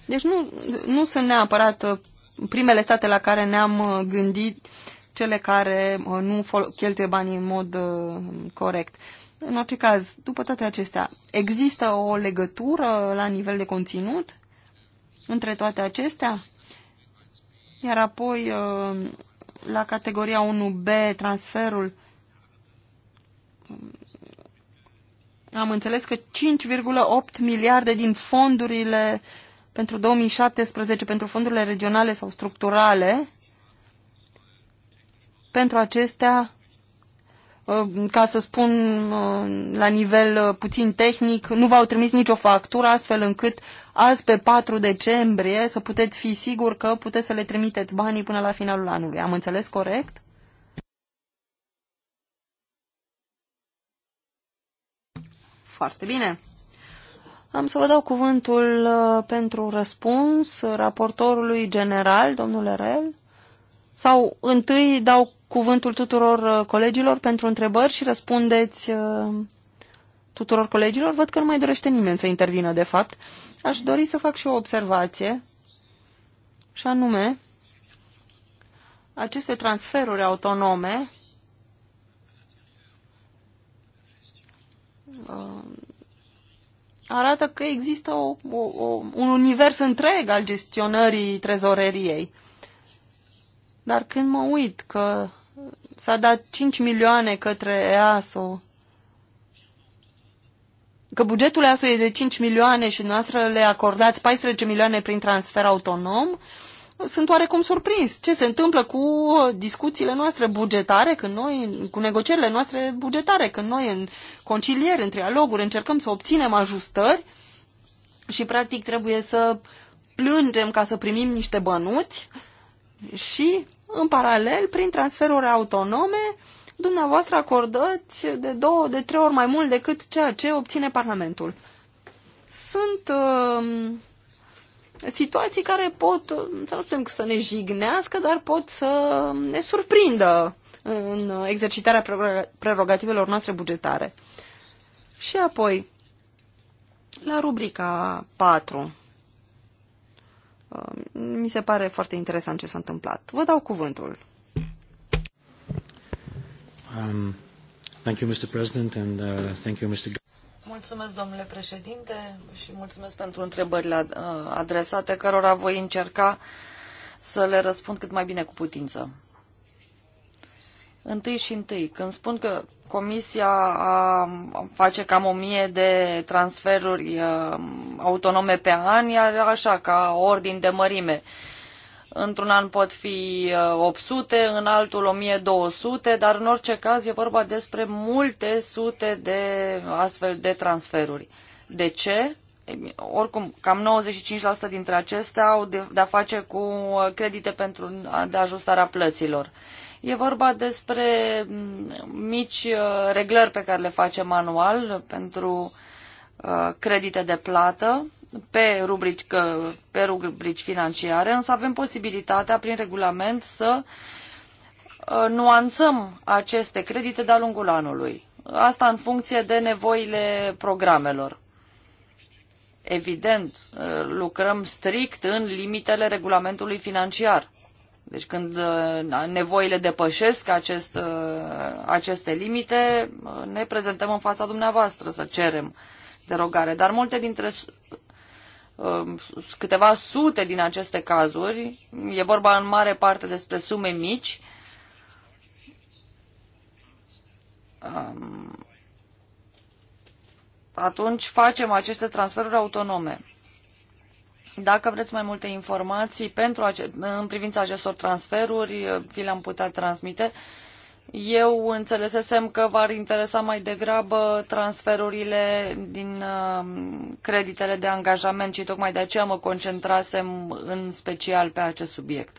Deci nu, nu sunt neapărat uh, primele state la care ne-am gândit cele care uh, nu cheltuie banii în mod uh, corect. În orice caz, după toate acestea, există o legătură la nivel de conținut între toate acestea? Iar apoi, uh, la categoria 1B, transferul, um, am înțeles că 5,8 miliarde din fondurile pentru 2017, pentru fondurile regionale sau structurale, pentru acestea, uh, ca să spun uh, la nivel uh, puțin tehnic, nu v-au trimis nicio factură, astfel încât azi pe 4 decembrie să puteți fi sigur că puteți să le trimiteți banii până la finalul anului. Am înțeles corect? Foarte bine. Am să vă dau cuvântul pentru răspuns raportorului general, domnule Rel. Sau întâi dau cuvântul tuturor uh, colegilor pentru întrebări și răspundeți uh, tuturor colegilor. Văd că nu mai dorește nimeni să intervină, de fapt. Aș dori să fac și o observație, și anume, aceste transferuri autonome uh, arată că există o, o, un univers întreg al gestionării trezoreriei. Dar când mă uit că s-a dat 5 milioane către EASO, că bugetul EASO e de 5 milioane și noastră le acordați 14 milioane prin transfer autonom, sunt oarecum surprins. Ce se întâmplă cu discuțiile noastre bugetare, când noi, cu negocierile noastre bugetare, când noi în concilieri, în trialoguri, încercăm să obținem ajustări și practic trebuie să plângem ca să primim niște bănuți și, în paralel, prin transferuri autonome, dumneavoastră acordați de două, de trei ori mai mult decât ceea ce obține Parlamentul. Sunt uh, situații care pot, să nu spunem să ne jignească, dar pot să ne surprindă în exercitarea prerogativelor noastre bugetare. Și apoi, la rubrica 4, Uh, mi se pare foarte interesant ce s-a întâmplat. Vă dau cuvântul. Um, thank you, Mr. President, and uh, thank you, Mr. Mulțumesc, domnule președinte, și mulțumesc pentru întrebările uh, adresate, cărora voi încerca să le răspund cât mai bine cu putință. Întâi și întâi, când spun că Comisia a, face cam o mie de transferuri a, uh, autonome pe an, iar așa, ca ordin de mărime. Într-un an pot fi 800, uh, în altul 1200, dar în orice caz e vorba despre multe sute de astfel de transferuri. De ce? oricum, cam 95% dintre acestea au de-a face cu uh, credite pentru de ajustarea plăților. E vorba despre mm, mici uh, reglări pe care le facem manual pentru uh, credite de plată pe rubrici, pe rubrici financiare, însă avem posibilitatea prin regulament să uh, nuanțăm aceste credite de-a lungul anului. Asta în funcție de nevoile programelor. Evident, lucrăm strict în limitele regulamentului financiar. Deci când uh, nevoile depășesc acest, uh, aceste limite, uh, ne prezentăm în fața dumneavoastră să cerem derogare. Dar multe dintre câteva sute din aceste cazuri, e vorba în mare parte despre sume mici, um, atunci facem aceste transferuri autonome. Dacă vreți mai multe informații pentru ace- în privința acestor transferuri, vi le-am putea transmite. Eu înțelesesem că v-ar interesa mai degrabă transferurile din um, creditele de angajament și tocmai de aceea mă concentrasem în special pe acest subiect.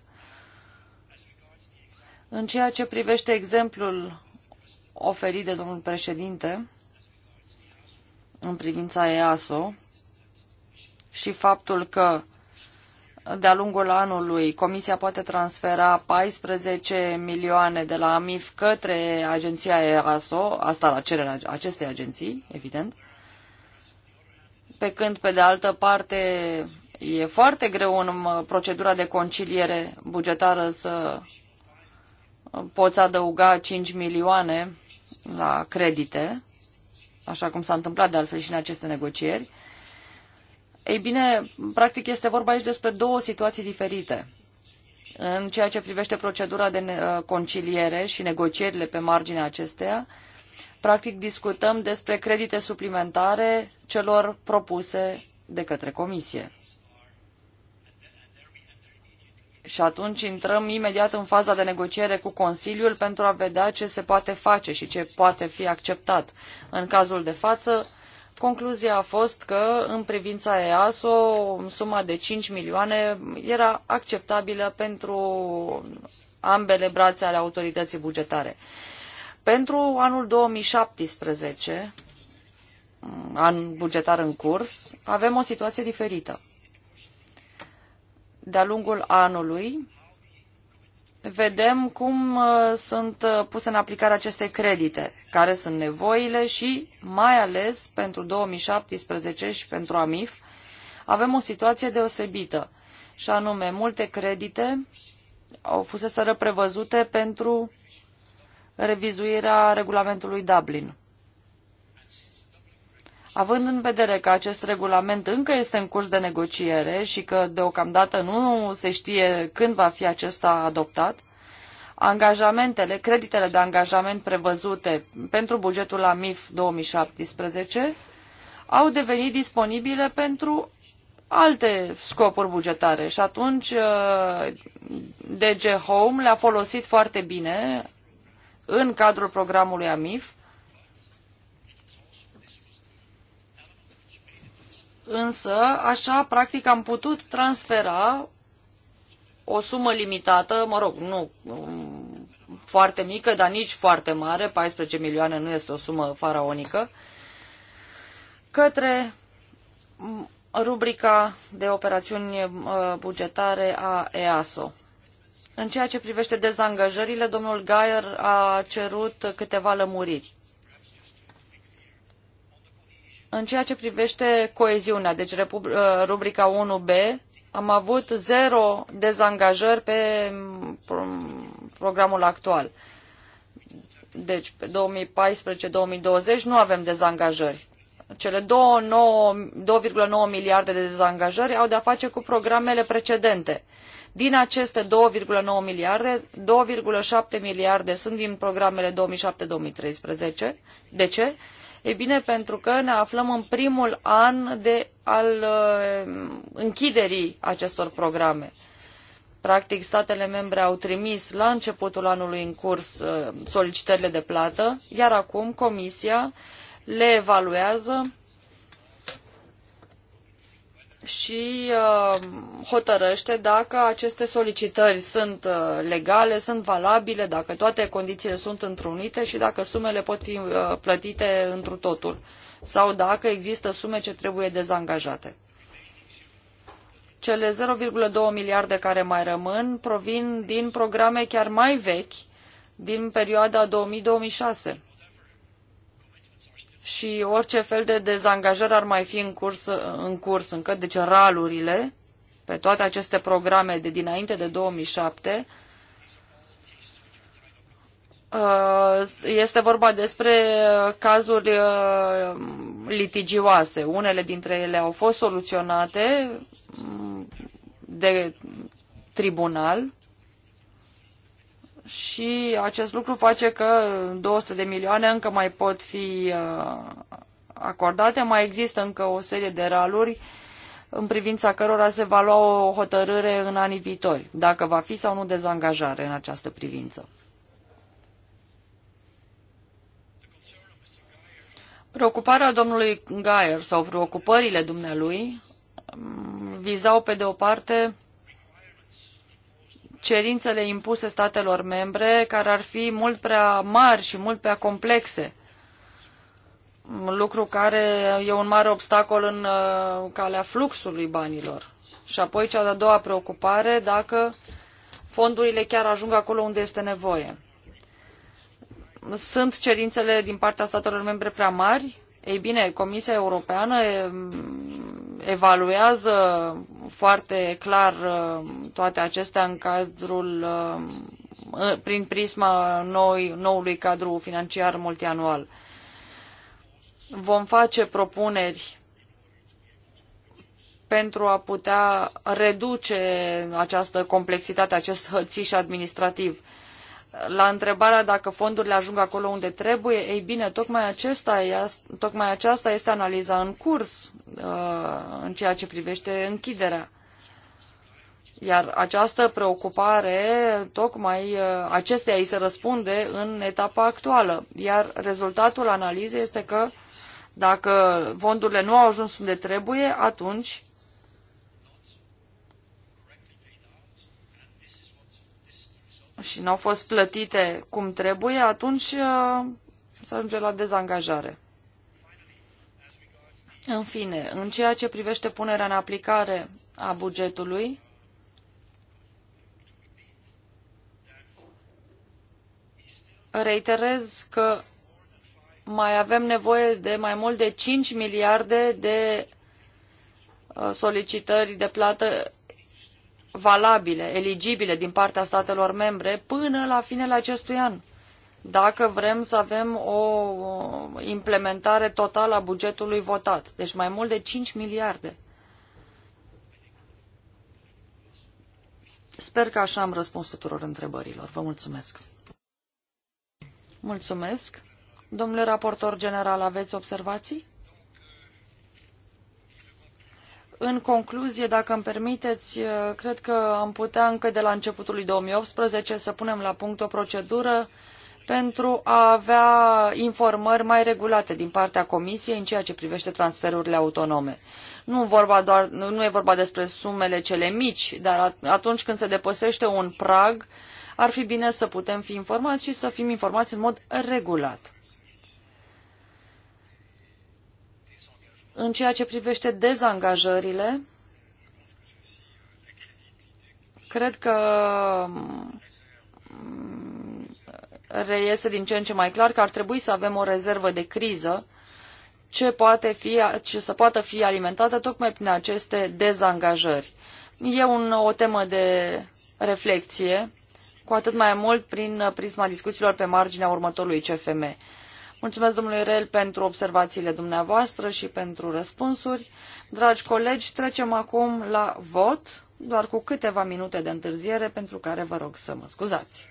În ceea ce privește exemplul oferit de domnul președinte în privința EASO, și faptul că de-a lungul anului Comisia poate transfera 14 milioane de la AMIF către agenția EASO, asta la cererea acestei agenții, evident, pe când, pe de altă parte, e foarte greu în procedura de conciliere bugetară să poți adăuga 5 milioane la credite, așa cum s-a întâmplat de altfel și în aceste negocieri. Ei bine, practic este vorba aici despre două situații diferite. În ceea ce privește procedura de uh, conciliere și negocierile pe marginea acesteia, practic discutăm despre credite suplimentare celor propuse de către Comisie. Și atunci intrăm imediat în faza de negociere cu Consiliul pentru a vedea ce se poate face și ce poate fi acceptat. În cazul de față, Concluzia a fost că, în privința EASO, suma de 5 milioane era acceptabilă pentru ambele brațe ale autorității bugetare. Pentru anul 2017, an bugetar în curs, avem o situație diferită. De-a lungul anului, vedem cum uh, sunt uh, puse în aplicare aceste credite, care sunt nevoile și, mai ales pentru 2017 și pentru AMIF, avem o situație deosebită, și anume multe credite au fuseseră prevăzute pentru revizuirea regulamentului Dublin. Având în vedere că acest regulament încă este în curs de negociere și că deocamdată nu se știe când va fi acesta adoptat, angajamentele, creditele de angajament prevăzute pentru bugetul AMIF 2017 au devenit disponibile pentru alte scopuri bugetare și atunci uh, DG Home le-a folosit foarte bine în cadrul programului AMIF Însă, așa, practic, am putut transfera o sumă limitată, mă rog, nu mm, foarte mică, dar nici foarte mare, 14 milioane nu este o sumă faraonică, către mm, rubrica de operațiuni bugetare a EASO. În ceea ce privește dezangajările, domnul Gaier a cerut câteva lămuriri. În ceea ce privește coeziunea, deci uh, rubrica 1B, am avut zero dezangajări pe mm, programul actual. Deci, pe 2014-2020 nu avem dezangajări. Cele 2,9 miliarde de dezangajări au de-a face cu programele precedente. Din aceste 2,9 miliarde, 2,7 miliarde sunt din programele 2007-2013. De ce? E bine pentru că ne aflăm în primul an de al uh, închiderii acestor programe. Practic, statele membre au trimis la începutul anului în curs uh, solicitările de plată, iar acum Comisia le evaluează și uh, hotărăște dacă aceste solicitări sunt uh, legale, sunt valabile, dacă toate condițiile sunt întrunite și dacă sumele pot fi uh, plătite întru totul sau dacă există sume ce trebuie dezangajate. Cele 0,2 miliarde care mai rămân provin din programe chiar mai vechi, din perioada 2000-2006 și orice fel de dezangajări ar mai fi în curs, în curs încă, deci ralurile pe toate aceste programe de dinainte de 2007, uh, este vorba despre cazuri uh, litigioase. Unele dintre ele au fost soluționate mm, de tribunal, și acest lucru face că 200 de milioane încă mai pot fi uh, acordate. Mai există încă o serie de raluri în privința cărora se va lua o hotărâre în anii viitori, dacă va fi sau nu dezangajare în această privință. Preocuparea domnului Gaier sau preocupările dumnealui mm, vizau pe de o parte cerințele impuse statelor membre, care ar fi mult prea mari și mult prea complexe. Lucru care e un mare obstacol în uh, calea fluxului banilor. Și apoi cea de-a doua preocupare, dacă fondurile chiar ajung acolo unde este nevoie. Sunt cerințele din partea statelor membre prea mari? Ei bine, Comisia Europeană mm, evaluează foarte clar uh, toate acestea în cadrul, uh, prin prisma noi, noului cadru financiar multianual. Vom face propuneri pentru a putea reduce această complexitate, acest hățiș administrativ. La întrebarea dacă fondurile ajung acolo unde trebuie, ei bine, tocmai, acesta, tocmai aceasta este analiza în curs uh, în ceea ce privește închiderea. Iar această preocupare, tocmai uh, acesteia îi se răspunde în etapa actuală. Iar rezultatul analizei este că dacă fondurile nu au ajuns unde trebuie, atunci și nu au fost plătite cum trebuie, atunci uh, se ajunge la dezangajare. În fine, în ceea ce privește punerea în aplicare a bugetului, reiterez că mai avem nevoie de mai mult de 5 miliarde de uh, solicitări de plată valabile, eligibile din partea statelor membre până la finele acestui an. Dacă vrem să avem o implementare totală a bugetului votat, deci mai mult de 5 miliarde. Sper că așa am răspuns tuturor întrebărilor. Vă mulțumesc. Mulțumesc. Domnule raportor general, aveți observații? În concluzie, dacă îmi permiteți, uh, cred că am putea încă de la începutul lui 2018 să punem la punct o procedură pentru a avea informări mai regulate din partea Comisiei în ceea ce privește transferurile autonome. Nu, vorba doar, nu e vorba despre sumele cele mici, dar atunci când se depăsește un prag, ar fi bine să putem fi informați și să fim informați în mod regulat. În ceea ce privește dezangajările, cred că mm, reiese din ce în ce mai clar că ar trebui să avem o rezervă de criză ce, poate fi, ce să poată fi alimentată tocmai prin aceste dezangajări. E un, o temă de reflexie, cu atât mai mult prin prisma discuțiilor pe marginea următorului CFM. Mulțumesc domnului Rel pentru observațiile dumneavoastră și pentru răspunsuri. Dragi colegi, trecem acum la vot, doar cu câteva minute de întârziere, pentru care vă rog să mă scuzați.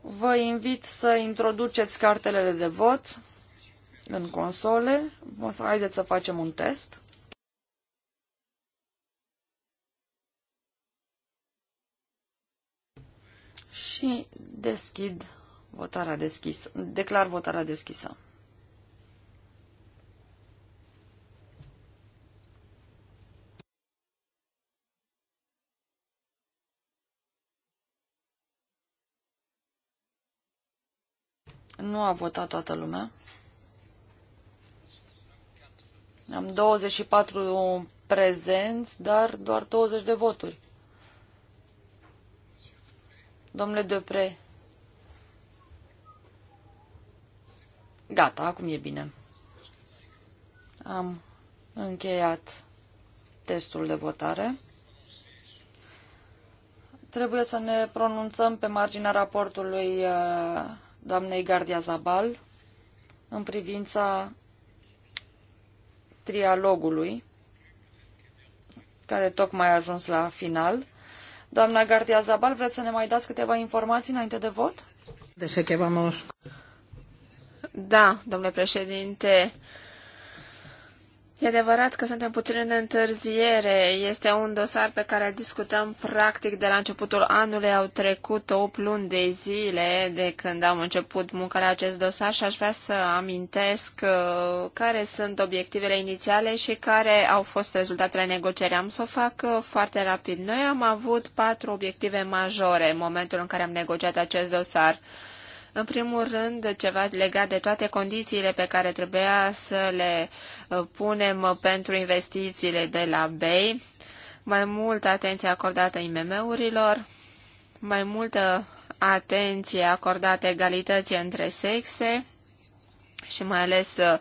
Vă invit să introduceți cartelele de vot în console. O să haideți să facem un test. Și deschid Votarea deschisă. Declar votarea deschisă. Nu a votat toată lumea. Am 24 prezenți, dar doar 20 de voturi. Domnule Deprez, Gata, acum e bine. Am încheiat testul de votare. Trebuie să ne pronunțăm pe marginea raportului uh, doamnei Gardia Zabal în privința trialogului care tocmai a ajuns la final. Doamna Gardia Zabal, vreți să ne mai dați câteva informații înainte de vot? Deci că vamos... Da, domnule președinte, E adevărat că suntem puțin în întârziere. Este un dosar pe care îl discutăm practic de la începutul anului. Au trecut 8 luni de zile de când am început munca la acest dosar și aș vrea să amintesc uh, care sunt obiectivele inițiale și care au fost rezultatele negocierii. Am să o fac uh, foarte rapid. Noi am avut patru obiective majore în momentul în care am negociat acest dosar. În primul rând, ceva legat de toate condițiile pe care trebuia să le uh, punem pentru investițiile de la BEI, mai multă atenție acordată IMM-urilor, mai multă atenție acordată egalității între sexe și mai ales uh,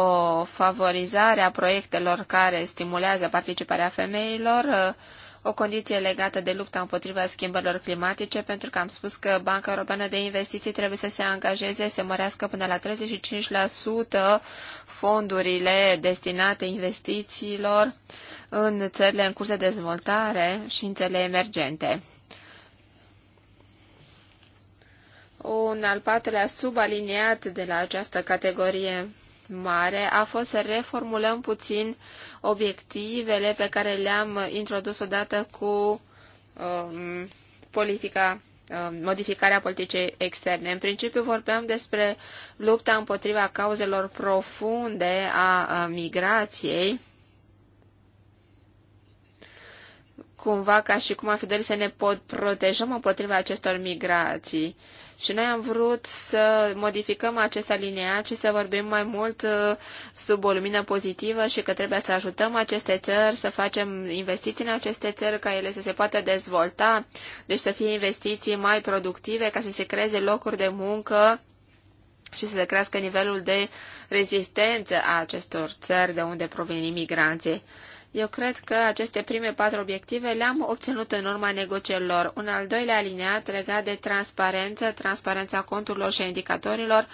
o favorizare a proiectelor care stimulează participarea femeilor, uh, o condiție legată de lupta împotriva schimbărilor climatice, pentru că am spus că Banca Europeană de Investiții trebuie să se angajeze să mărească până la 35% fondurile destinate investițiilor în țările în curs de dezvoltare și în țările emergente. Un al patrulea subaliniat de la această categorie mare a fost să reformulăm puțin uh, obiectivele pe care le-am introdus odată cu um, politica um, modificarea politicii externe. În principiu vorbeam despre lupta împotriva cauzelor profunde a migrației, cumva ca și cum am fi dorit să ne pot protejăm împotriva acestor migrații. Și noi am vrut să modificăm acest aliniat și să vorbim mai mult uh, sub o lumină pozitivă și că trebuie să ajutăm aceste țări, să facem investiții în aceste țări ca ele să se poată dezvolta, deci să fie investiții mai productive ca să se creeze locuri de muncă și să se crească nivelul de rezistență a acestor țări de unde provin imigranții. Eu cred că aceste prime patru obiective le-am obținut în urma negocierilor. Un al doilea alineat legat de transparență, transparența conturilor și a indicatorilor,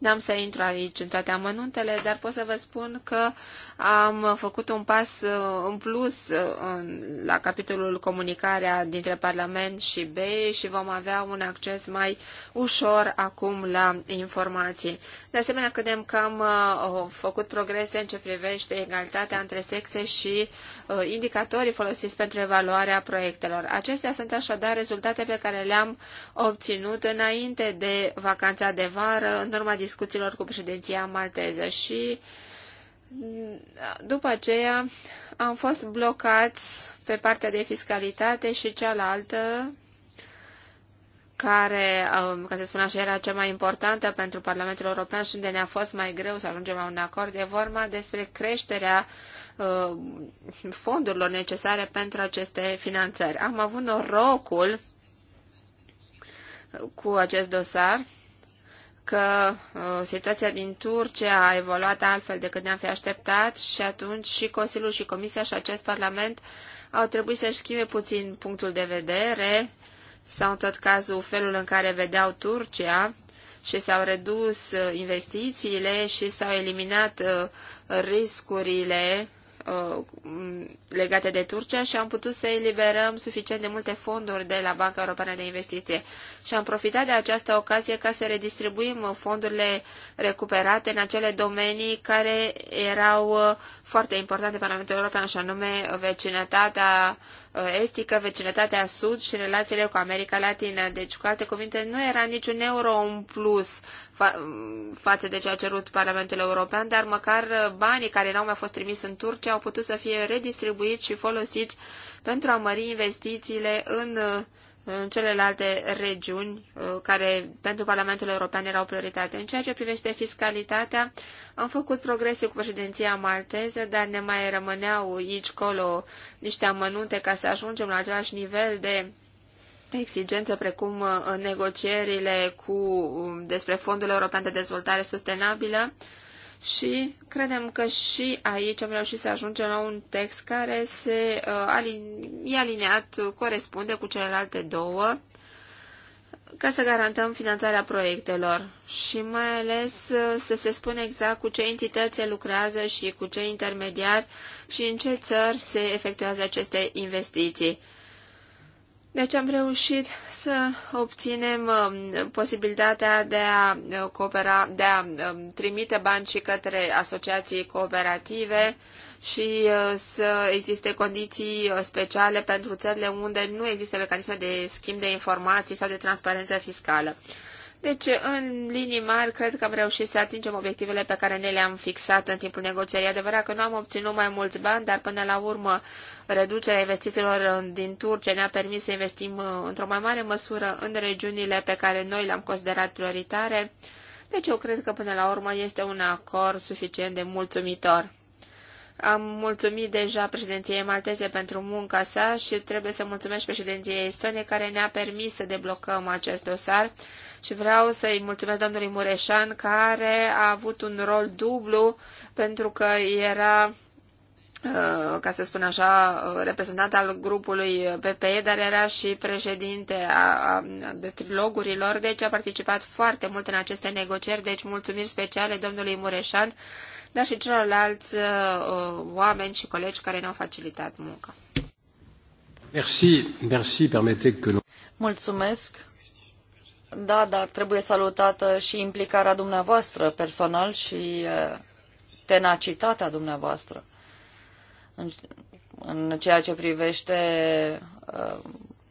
N-am să intru aici în toate amănuntele, dar pot să vă spun că am făcut un pas uh, în plus uh, în, la capitolul comunicarea dintre Parlament și BE și vom avea un acces mai ușor acum la informații. De asemenea, credem că am uh, făcut progrese în ce privește egalitatea între sexe și indicatorii folosiți pentru evaluarea proiectelor. Acestea sunt așadar rezultate pe care le-am obținut înainte de vacanța de vară, în urma discuției discuțiilor cu președinția malteză și mm, după aceea am fost blocați pe partea de fiscalitate și cealaltă care, um, ca să spun așa, era cea mai importantă pentru Parlamentul European și unde ne-a fost mai greu să ajungem la un acord, e vorba despre creșterea uh, fondurilor necesare pentru aceste finanțări. Am avut norocul cu acest dosar că uh, situația din Turcia a evoluat altfel decât ne-am fi așteptat și atunci și Consiliul și Comisia și acest Parlament au trebuit să-și schimbe puțin punctul de vedere sau în tot cazul felul în care vedeau Turcia și s-au redus uh, investițiile și s-au eliminat uh, riscurile Uh, legate de Turcia și am putut să eliberăm suficient de multe fonduri de la Banca Europeană de Investiție. Și am profitat de această ocazie ca să redistribuim fondurile recuperate în acele domenii care erau uh, foarte importante pentru Parlamentul European, și anume vecinătatea, Uh, estică, vecinătatea sud și relațiile cu America Latină. Deci, cu alte cuvinte, nu era niciun euro în plus fa- față de ce a cerut Parlamentul European, dar măcar uh, banii care n-au mai fost trimiși în Turcia au putut să fie redistribuiți și folosiți pentru a mări investițiile în uh, în celelalte regiuni uh, care pentru Parlamentul European erau prioritate. În ceea ce privește fiscalitatea, am făcut progrese cu președinția malteză, dar ne mai rămâneau aici colo niște amănunte ca să ajungem la același nivel de exigență precum uh, negocierile cu, um, despre Fondul European de Dezvoltare Sustenabilă, și credem că și aici am reușit să ajungem la un text care se, uh, e alineat, corespunde cu celelalte două ca să garantăm finanțarea proiectelor și mai ales uh, să se spune exact cu ce entități se lucrează și cu ce intermediari și în ce țări se efectuează aceste investiții. Deci am reușit să obținem um, posibilitatea de a, uh, coopera, de a um, trimite bani și către asociații cooperative și uh, să existe condiții uh, speciale pentru țările unde nu există mecanisme de schimb de informații sau de transparență fiscală. Deci, în linii mari, cred că am reușit să atingem obiectivele pe care ne le-am fixat în timpul negocierii. Adevărat că nu am obținut mai mulți bani, dar până la urmă reducerea investițiilor din Turcia ne-a permis să investim uh, într-o mai mare măsură în regiunile pe care noi le-am considerat prioritare. Deci eu cred că până la urmă este un acord suficient de mulțumitor. Am mulțumit deja președinției malteze pentru munca sa și trebuie să mulțumesc președinției estone care ne-a permis să deblocăm acest dosar și vreau să-i mulțumesc domnului Mureșan care a avut un rol dublu pentru că era uh, ca să spun așa, uh, reprezentant al grupului PPE, dar era și președinte a, a, de trilogurilor, deci a participat foarte mult în aceste negocieri, deci mulțumiri speciale domnului Mureșan, dar și celorlalți uh, uh oameni și colegi care ne-au facilitat munca. Merci, merci, că... Mulțumesc. Da, dar trebuie salutată și implicarea dumneavoastră personal și tenacitatea dumneavoastră în, în ceea ce privește uh,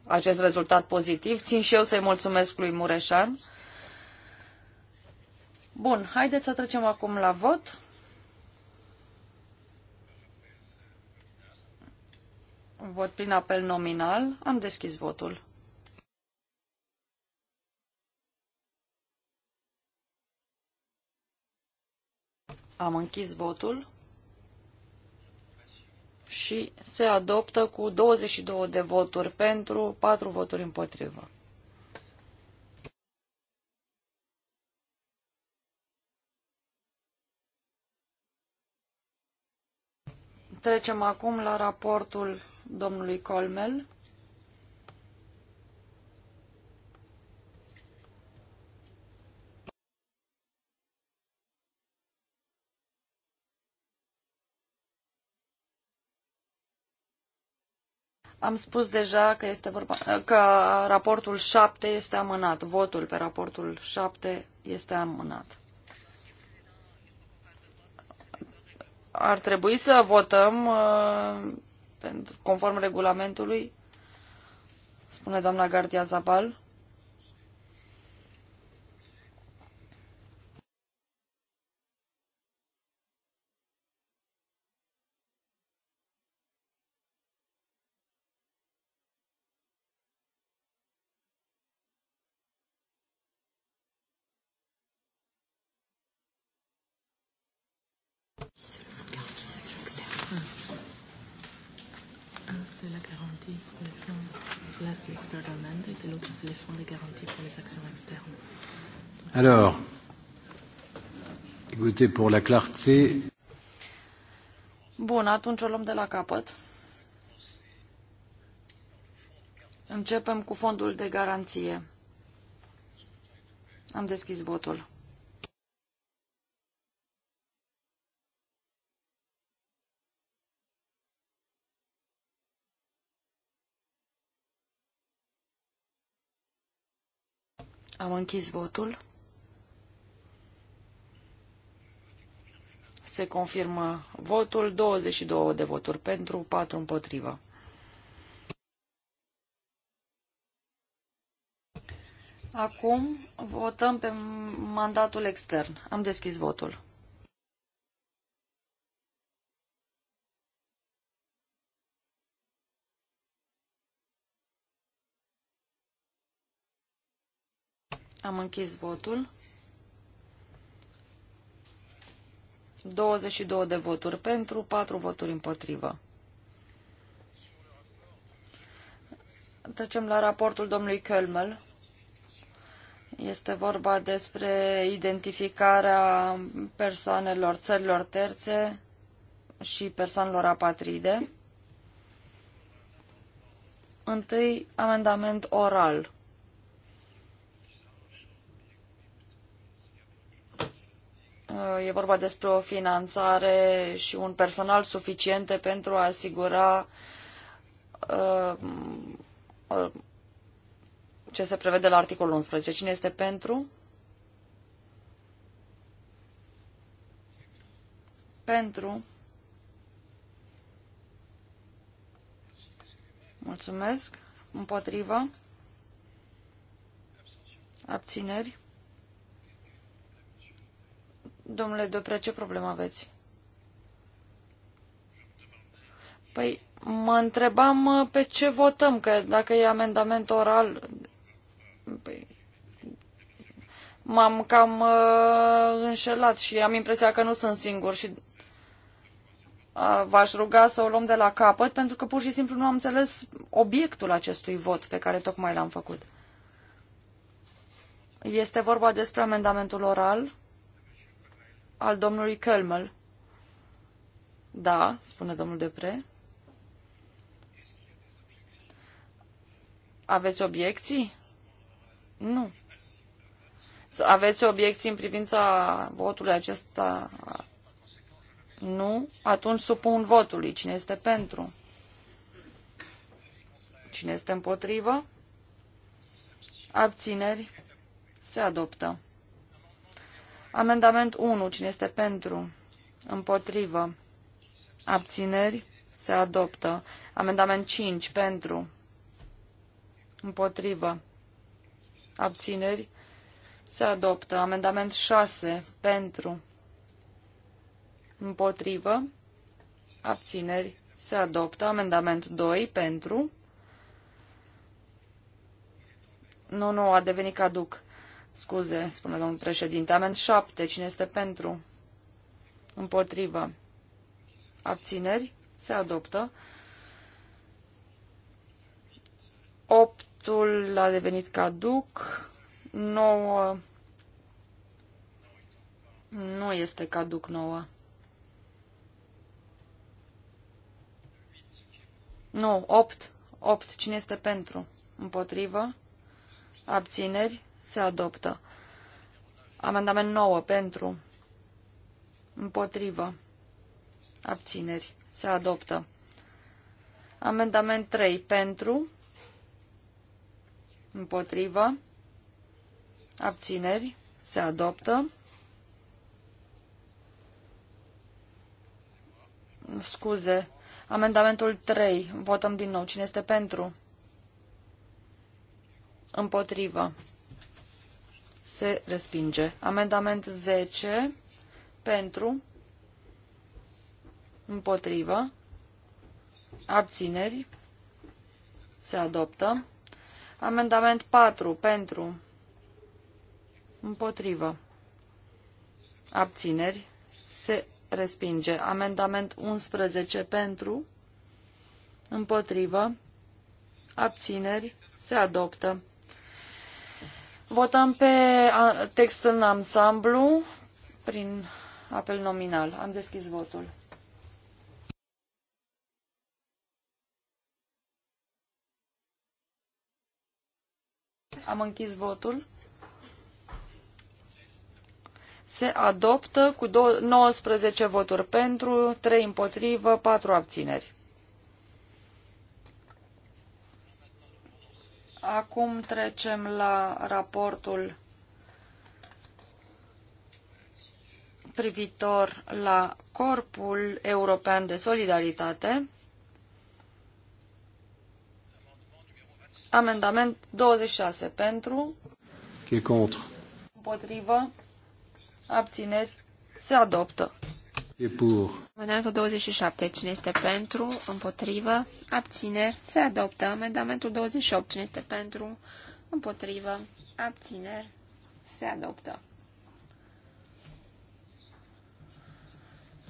acest rezultat pozitiv. Țin și eu să-i mulțumesc lui Mureșan. Bun, haideți să trecem acum la vot. Vot prin apel nominal. Am deschis votul. Am închis votul și se adoptă cu 22 de voturi pentru, 4 voturi împotrivă. Trecem acum la raportul domnului Colmel. Am spus deja că, este vorba, că raportul 7 este amânat. Votul pe raportul 7 este amânat. Ar trebui să votăm uh, conform regulamentului, spune doamna Gardia Zabal. Alors, écoutez, pour la clarté... Bun, atunci o luăm de la capăt. Începem cu fondul de garanție. Am deschis votul. Am închis votul. Se confirmă votul, 22 de voturi pentru, 4 împotrivă. Acum votăm pe mandatul extern. Am deschis votul. Am închis votul. 22 de voturi pentru, 4 voturi împotrivă. Trecem la raportul domnului Kölmel. Este vorba despre identificarea persoanelor țărilor terțe și persoanelor apatride. Întâi, amendament oral. Uh, e vorba despre o finanțare și un personal suficiente pentru a asigura uh, uh, ce se prevede la articolul 11. Cine este pentru? Pentru. Mulțumesc. Împotriva. Abțineri. Domnule Doprea, ce problemă aveți? Păi, mă întrebam uh, pe ce votăm, că dacă e amendament oral... Păi, m-am cam uh, înșelat și am impresia că nu sunt singur și uh, v-aș ruga să o luăm de la capăt pentru că pur și simplu nu am înțeles obiectul acestui vot pe care tocmai l-am făcut. Este vorba despre amendamentul oral al domnului Kelmel. Da, spune domnul Depre. Aveți obiecții? Nu. Aveți obiecții în privința votului acesta? Nu? Atunci supun votului. Cine este pentru? Cine este împotrivă? Abțineri? Se adoptă. Amendament 1. Cine este pentru? Împotrivă. Abțineri. Se adoptă. Amendament 5. Pentru. Împotrivă. Abțineri. Se adoptă. Amendament 6. Pentru. Împotrivă. Abțineri. Se adoptă. Amendament 2. Pentru. Nu, nu, a devenit caduc. Scuze, spune domnul președinte. Amend 7. Cine este pentru? Împotrivă. Abțineri? Se adoptă. 8 Obiectul a devenit caduc, 9 nu este caduc 9. Nu, 8. 8. Cine este pentru? Împotrivă? Abțineri? Se adoptă. Amendament 9 pentru. Împotrivă. Abțineri. Se adoptă. Amendament 3 pentru. Împotrivă. Abțineri. Se adoptă. Scuze. Amendamentul 3. Votăm din nou. Cine este pentru? Împotrivă se respinge. Amendament 10 pentru, împotrivă, abțineri, se adoptă. Amendament 4 pentru, împotrivă, abțineri, se respinge. Amendament 11 pentru, împotrivă, abțineri, se adoptă. Votăm pe text în ansamblu prin apel nominal. Am deschis votul. Am închis votul. Se adoptă cu 19 voturi pentru, 3 împotrivă, 4 abțineri. Acum trecem la raportul privitor la Corpul European de Solidaritate. Amendament 26 pentru. Qui est contre? Împotrivă. Abțineri. Se adoptă. Amendamentul 27. Cine este pentru? Împotrivă? Abțineri? Se adoptă. Amendamentul 28. Cine este pentru? Împotrivă? Abțineri? Se adoptă.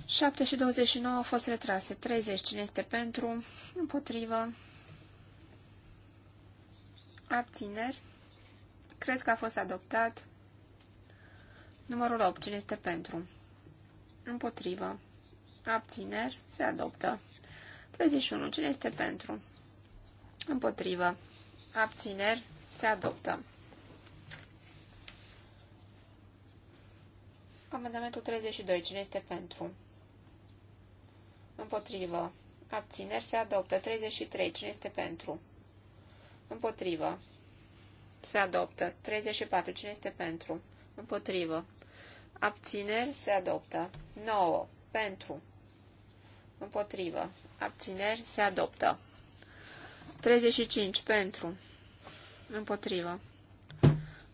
7 și 29 au fost retrase. 30. Cine este pentru? Împotrivă? Abțineri? Cred că a fost adoptat. Numărul 8. Cine este pentru? Împotrivă. Abțineri. Se adoptă. 31. Cine este pentru? Împotrivă. Abțineri. Se adoptă. Amendamentul 32. Cine este pentru? Împotrivă. Abțineri. Se adoptă. 33. Cine este pentru? Împotrivă. Se adoptă. 34. Cine este pentru? Împotrivă abțineri, se adoptă. 9. Pentru, împotrivă, abțineri, se adoptă. 35. Pentru, împotrivă,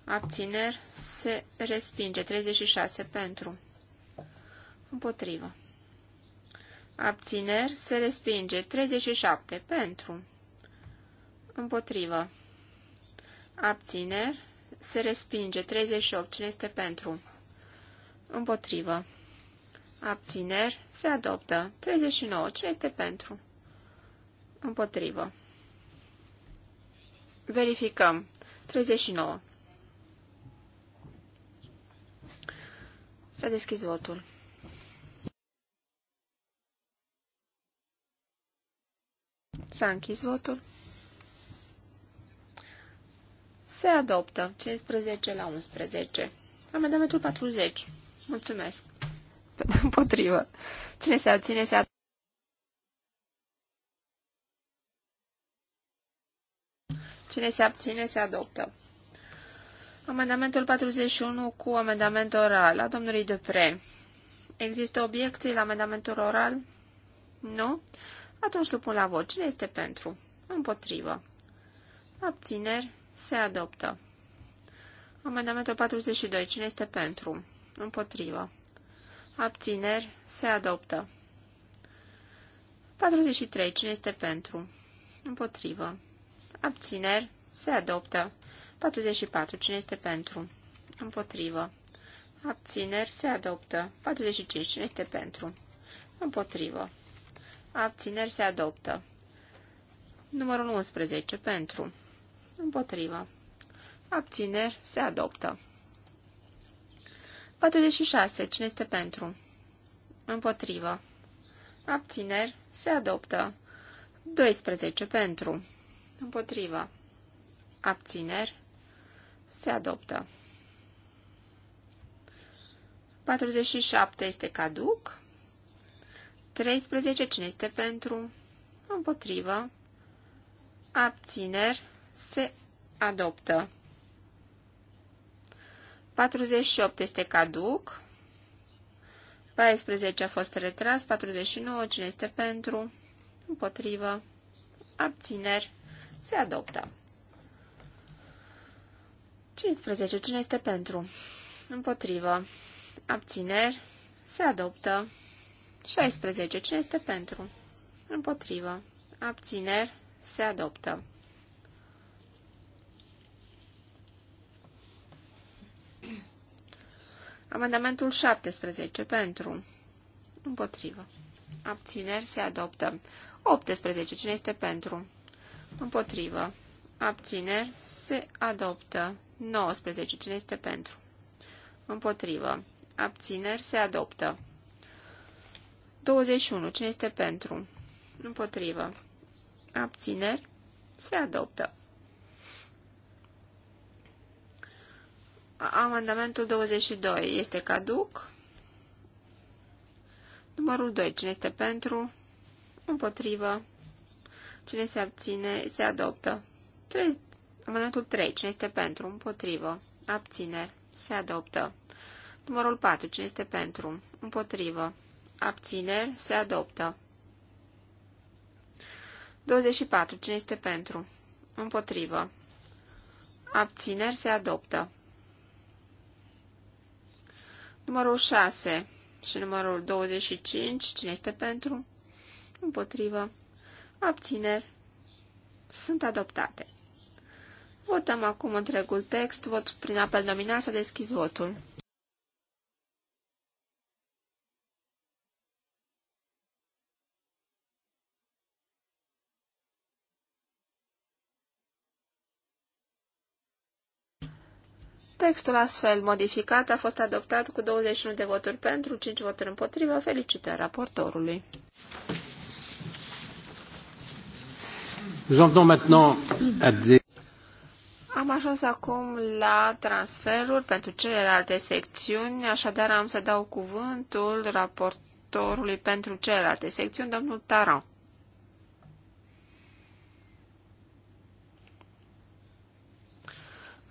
abțineri, se respinge. 36. Pentru, împotrivă. Abțineri se respinge. 37. Pentru. Împotrivă. Abțineri se respinge. 38. Cine este pentru? Împotrivă. Abțineri. Se adoptă. 39. Cine este pentru? Împotrivă. Verificăm. 39. S-a deschis votul. S-a închis votul. Se adoptă 15 la 11. Amendamentul 40. Mulțumesc. potrivă. Cine se abține se Cine se abține se adoptă. Amendamentul 41 cu amendament oral a domnului Depre. Există obiecții la amendamentul oral? Nu? Atunci supun la vot. Cine este pentru? Împotrivă. Abțineri se adoptă. Amendamentul 42. Cine este pentru? Împotrivă. Abțineri. Se adoptă. 43. Cine este pentru? Împotrivă. Abțineri. Se adoptă. 44. Cine este pentru? Împotrivă. Abțineri. Se adoptă. 45. Cine este pentru? Împotrivă. Abțineri. Se adoptă. Numărul 11. Pentru. Împotrivă. Abțineri. Se adoptă. 46. Cine este pentru? Împotrivă. Abțineri. Se adoptă. 12. Pentru. Împotrivă. Abțineri. Se adoptă. 47 este caduc. 13. Cine este pentru? Împotrivă. Abțineri. Se adoptă. 48 este caduc. 14 a fost retras. 49. Cine este pentru? Împotrivă. Abțineri. Se adoptă. 15. Cine este pentru? Împotrivă. Abțineri. Se adoptă. 16. Cine este pentru? Împotrivă. Abțineri. Se adoptă. Amendamentul 17 pentru. Împotrivă. Abțineri se adoptă. 18. Cine este pentru? Împotrivă. Abțineri se adoptă. 19. Cine este pentru? Împotrivă. Abțineri se adoptă. 21. Cine este pentru? Împotrivă. Abțineri se adoptă. Amendamentul 22 este caduc. Numărul 2. Cine este pentru? Împotrivă. Cine se abține? Se adoptă. 3. Amendamentul 3. Cine este pentru? Împotrivă. Abțineri. Se adoptă. Numărul 4. Cine este pentru? Împotrivă. Abțineri. Se adoptă. 24. Cine este pentru? Împotrivă. Abțineri. Se adoptă. Numărul 6 și numărul 25, cine este pentru? Împotrivă. Abțineri. Sunt adoptate. Votăm acum întregul text. Vot prin apel nominal. să deschizi votul. Textul astfel modificat a fost adoptat cu 21 de voturi pentru, 5 voturi împotrivă. Felicitări raportorului. Am ajuns acum la transferuri pentru celelalte secțiuni, așadar am să dau cuvântul raportorului pentru celelalte secțiuni, domnul Taran.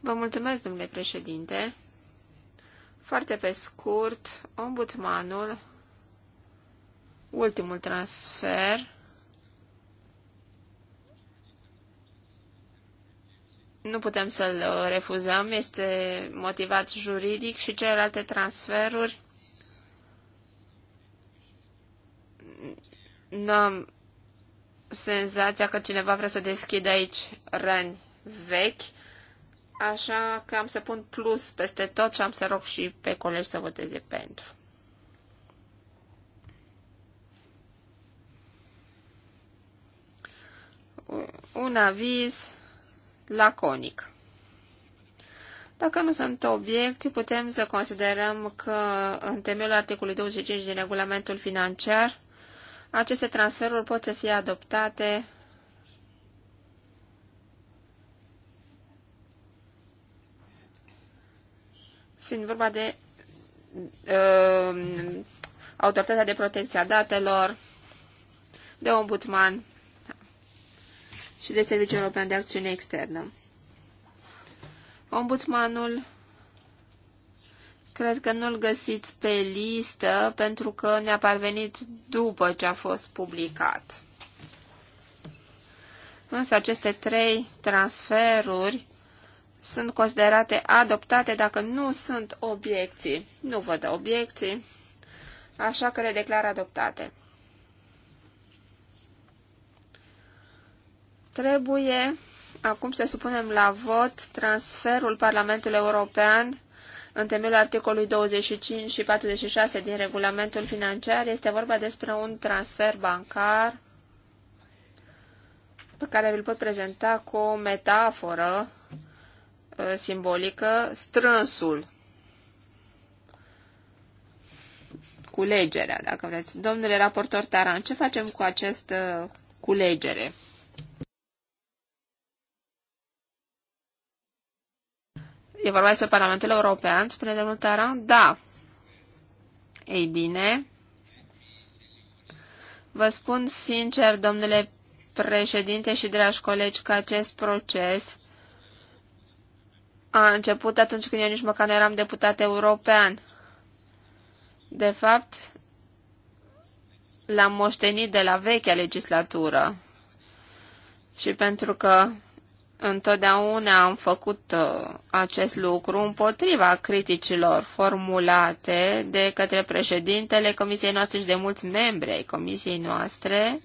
Vă mulțumesc, domnule președinte. Foarte pe scurt, ombudsmanul, ultimul transfer, nu putem să-l refuzăm, este motivat juridic și celelalte transferuri nu am senzația că cineva vrea să deschidă aici răni vechi Așa că am să pun plus peste tot și am să rog și pe colegi să voteze pentru. Un aviz laconic. Dacă nu sunt obiecții, putem să considerăm că în temeiul articolului 25 din regulamentul financiar, aceste transferuri pot să fie adoptate fiind vorba de uh, Autoritatea de Protecție a Datelor, de Ombudsman și de Serviciul European de Acțiune Externă. Ombudsmanul cred că nu-l găsiți pe listă pentru că ne-a parvenit după ce a fost publicat. Însă aceste trei transferuri sunt considerate adoptate dacă nu sunt obiecții. Nu văd obiecții, așa că le declar adoptate. Trebuie acum să supunem la vot transferul Parlamentului European în temeiul articolului 25 și 46 din regulamentul financiar. Este vorba despre un transfer bancar pe care vi-l pot prezenta cu o metaforă Uh, simbolică, strânsul, culegerea, dacă vreți. Domnule raportor Taran, ce facem cu această culegere? E vorba despre Parlamentul European, spune domnul Taran? Da. Ei bine, vă spun sincer, domnule președinte și dragi colegi, că acest proces a început atunci când eu nici măcar nu eram deputat european. De fapt, l-am moștenit de la vechea legislatură și pentru că întotdeauna am făcut uh, acest lucru împotriva criticilor formulate de către președintele comisiei noastre și de mulți membri ai comisiei noastre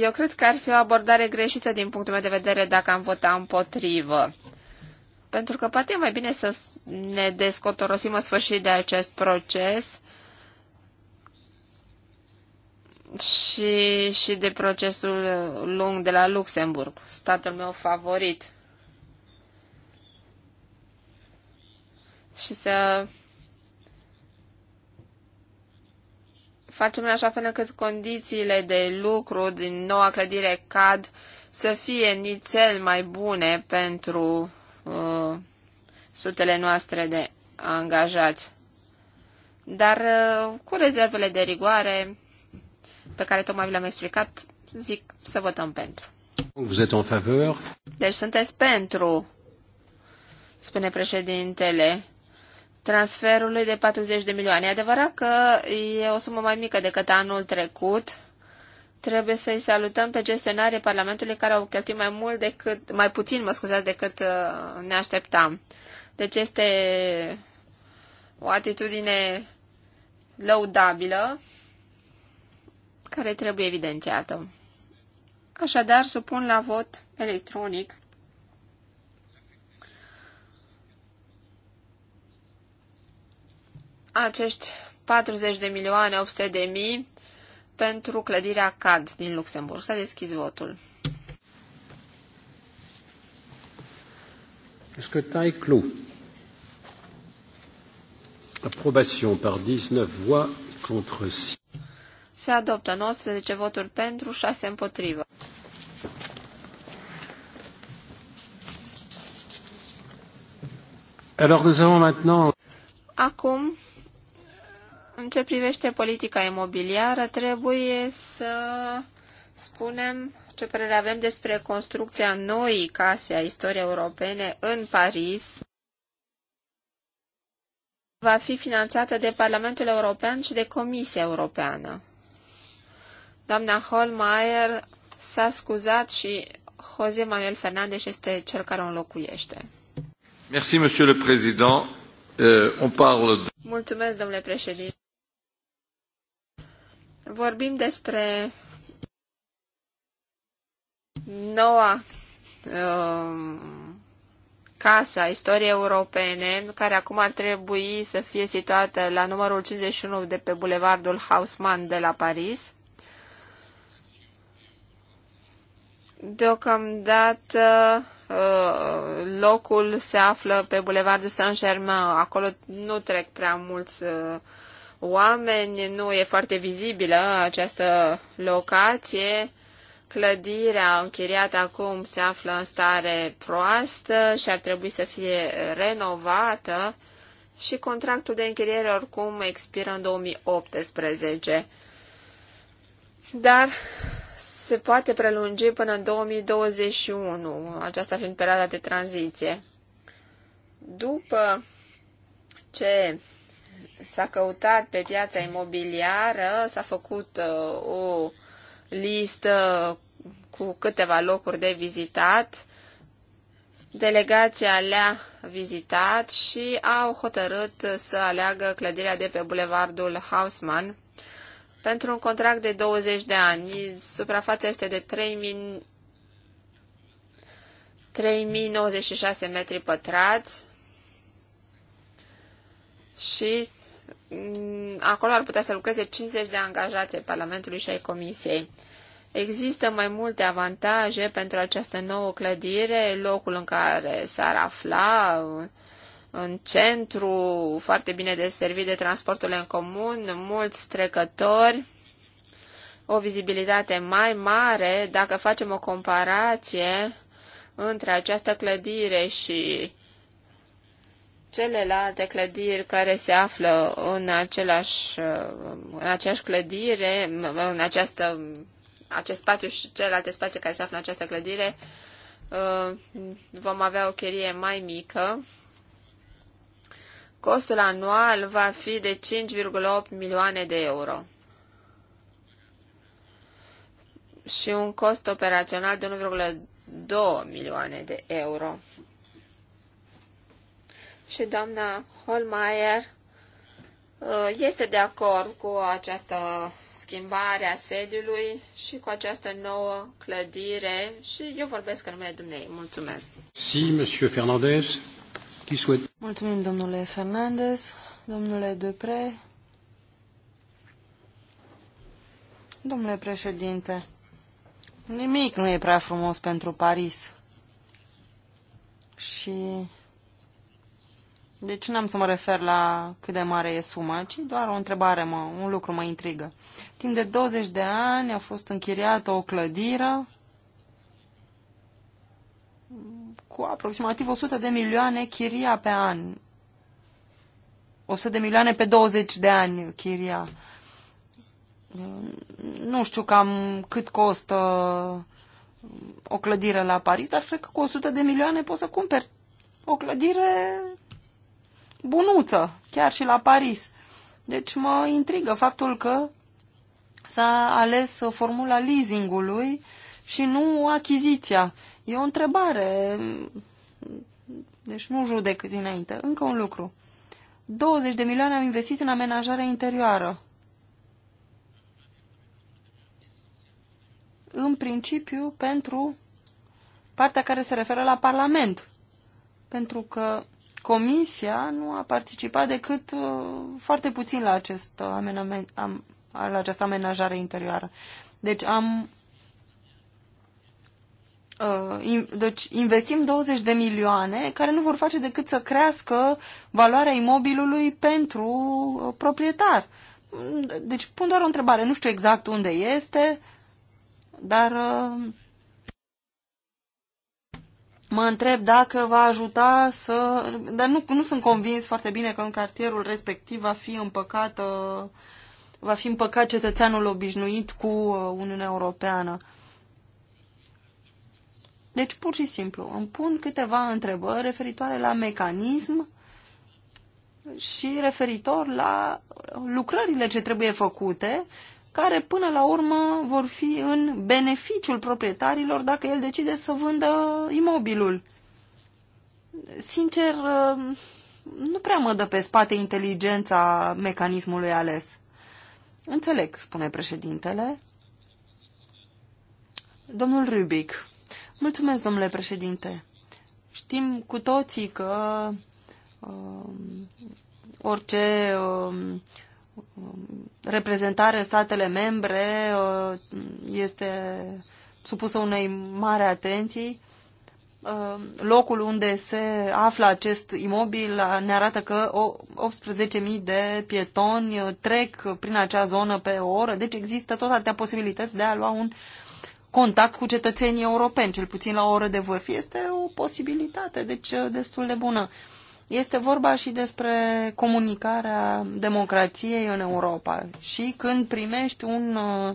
Eu cred că ar fi o abordare greșită din punctul meu de vedere dacă am vota împotrivă. Pentru că poate e mai bine să ne descotorosim în sfârșit de acest proces și, și de procesul lung de la Luxemburg, statul meu favorit. Și să facem în așa fel încât condițiile de lucru din noua clădire CAD să fie nițel mai bune pentru uh, sutele noastre de angajați. Dar uh, cu rezervele de rigoare pe care tocmai vi le-am explicat, zic să votăm pentru. Vous êtes en faveur. Deci sunteți pentru, spune președintele transferului de 40 de milioane. E adevărat că e o sumă mai mică decât anul trecut. Trebuie să-i salutăm pe gestionarii Parlamentului care au cheltuit mai mult decât, mai puțin, mă scuzați, decât uh, ne așteptam. Deci este o atitudine lăudabilă care trebuie evidențiată. Așadar, supun la vot electronic acești 40 de milioane 800 de mii pentru clădirea CAD din Luxemburg. S-a deschis votul. Scrutin clos. Approbation par 19 voix contre 6. Se adoptă 19 voturi pentru, 6 împotrivă. Alors nous avons maintenant Acum în ce privește politica imobiliară, trebuie să spunem ce părere avem despre construcția noii case a istoriei europene în Paris. Va fi finanțată de Parlamentul European și de Comisia Europeană. Doamna Holmeier s-a scuzat și José Manuel Fernandez este cel care o înlocuiește. Merci, Monsieur le Président. Uh, on parle de... Mulțumesc, domnule președinte. Vorbim despre noua uh, um, Casa Istoriei Europene, care acum ar trebui să fie situată la numărul 51 de pe bulevardul Haussmann de la Paris. Deocamdată uh, locul se află pe bulevardul Saint-Germain. Acolo nu trec prea mulți uh, oameni, nu e foarte vizibilă această locație. Clădirea închiriată acum se află în stare proastă și ar trebui să fie renovată și contractul de închiriere oricum expiră în 2018. Dar se poate prelungi până în 2021, aceasta fiind perioada de tranziție. După ce s-a căutat pe piața imobiliară, s-a făcut uh, o listă cu câteva locuri de vizitat. Delegația le-a vizitat și au hotărât să aleagă clădirea de pe bulevardul Hausmann pentru un contract de 20 de ani. Suprafața este de 3096 metri pătrați și Mm, acolo ar putea să lucreze 50 de angajați ai Parlamentului și ai Comisiei. Există mai multe avantaje pentru această nouă clădire, locul în care s-ar afla, în centru, foarte bine deservit de transporturile în comun, mulți trecători, o vizibilitate mai mare dacă facem o comparație între această clădire și Celelalte clădiri care se află în, același, în aceeași clădire, în această, acest spațiu și celelalte spații care se află în această clădire, uh, vom avea o chirie mai mică. Costul anual va fi de 5,8 milioane de euro și un cost operațional de 1,2 milioane de euro și doamna Holmeier uh, este de acord cu această schimbare a sediului și cu această nouă clădire și eu vorbesc în numele dumnei. Mulțumesc. Si, monsieur Fernandez, qui souhaite... Mulțumim, domnule Fernandez, domnule Dupre. Domnule președinte, nimic nu e prea frumos pentru Paris. Și deci n-am să mă refer la cât de mare e suma, ci doar o întrebare, mă, un lucru mă intrigă. Timp de 20 de ani a fost închiriată o clădire cu aproximativ 100 de milioane chiria pe an. 100 de milioane pe 20 de ani chiria. Nu știu cam cât costă o clădire la Paris, dar cred că cu 100 de milioane poți să cumperi o clădire bunuță, chiar și la Paris. Deci mă intrigă faptul că s-a ales formula leasingului și nu achiziția. E o întrebare, deci nu judec dinainte. Încă un lucru. 20 de milioane am investit în amenajarea interioară. În principiu pentru partea care se referă la Parlament. Pentru că Comisia nu a participat decât uh, foarte puțin la, acest uh, amenament, am, la această amenajare interioară. Deci am uh, deci investim 20 de milioane care nu vor face decât să crească valoarea imobilului pentru proprietar. Deci pun doar o întrebare, nu știu exact unde este, dar mă întreb dacă va ajuta să... Dar nu, nu sunt convins foarte bine că în cartierul respectiv va fi împăcat, va fi împăcat cetățeanul obișnuit cu uh, Uniunea Europeană. Deci, pur și simplu, îmi pun câteva întrebări referitoare la mecanism și referitor la lucrările ce trebuie făcute care până la urmă vor fi în beneficiul proprietarilor dacă el decide să vândă imobilul. Sincer, uh, nu prea mă dă pe spate inteligența mecanismului ales. Înțeleg, spune președintele. Domnul Rubic, mulțumesc, domnule președinte. Știm cu toții că uh, orice uh, reprezentare statele membre uh, este supusă unei mari atenții. Uh, locul unde se află acest imobil ne arată că 18.000 de pietoni uh, trec prin acea zonă pe o oră, deci există tot atâtea posibilități de a lua un contact cu cetățenii europeni, cel puțin la o oră de vârf. Este o posibilitate, deci destul de bună. Este vorba și despre comunicarea democrației în Europa. Și când primești un uh,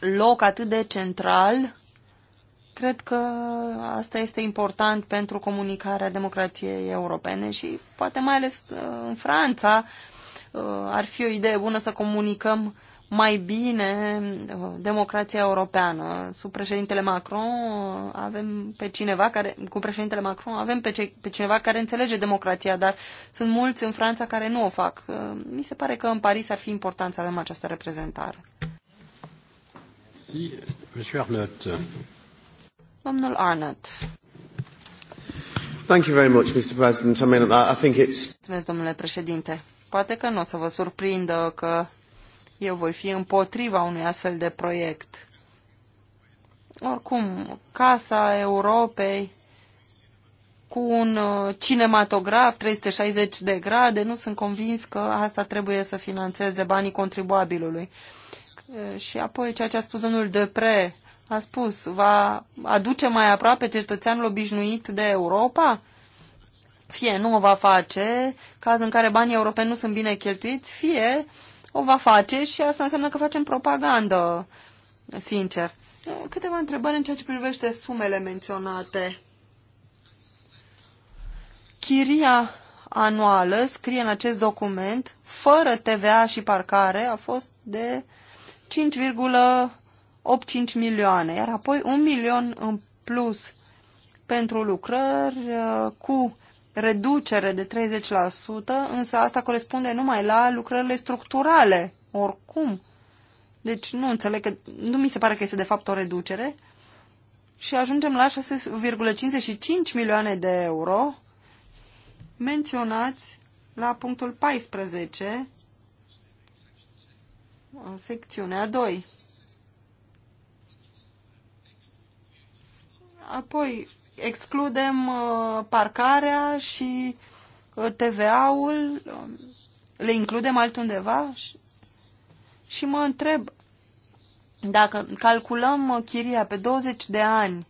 loc atât de central, cred că asta este important pentru comunicarea democrației europene și poate mai ales uh, în Franța uh, ar fi o idee bună să comunicăm mai bine uh, democrația europeană. Sub președintele Macron uh, avem pe cineva care, cu președintele Macron avem pe, ce, pe cineva care înțelege democrația, dar sunt mulți în Franța care nu o fac. Uh, mi se pare că în Paris ar fi important să avem această reprezentare. Domnul Arnott. Thank you very much, Mr. President. I mean, I think it's... Mulțumesc, domnule președinte. Poate că nu o să vă surprindă că eu voi fi împotriva unui astfel de proiect. Oricum, Casa Europei cu un uh, cinematograf 360 de grade, nu sunt convins că asta trebuie să financeze banii contribuabilului. Uh, și apoi ceea ce a spus domnul Depre, a spus, va aduce mai aproape cetățeanul obișnuit de Europa? Fie nu o va face, caz în care banii europeni nu sunt bine cheltuiți, fie uh, o va face și asta înseamnă că facem propagandă, sincer. Câteva întrebări în ceea ce privește sumele menționate. Chiria anuală, scrie în acest document, fără TVA și parcare, a fost de 5,85 milioane, iar apoi un milion în plus pentru lucrări uh, cu reducere de 30%, însă asta corespunde numai la lucrările structurale, oricum. Deci nu înțeleg că, nu mi se pare că este de fapt o reducere. Și ajungem la 6,55 milioane de euro menționați la punctul 14, secțiunea 2. Apoi, excludem uh, parcarea și uh, TVA-ul, um, le includem altundeva? Și mă întreb, dacă calculăm uh, chiria pe 20 de ani,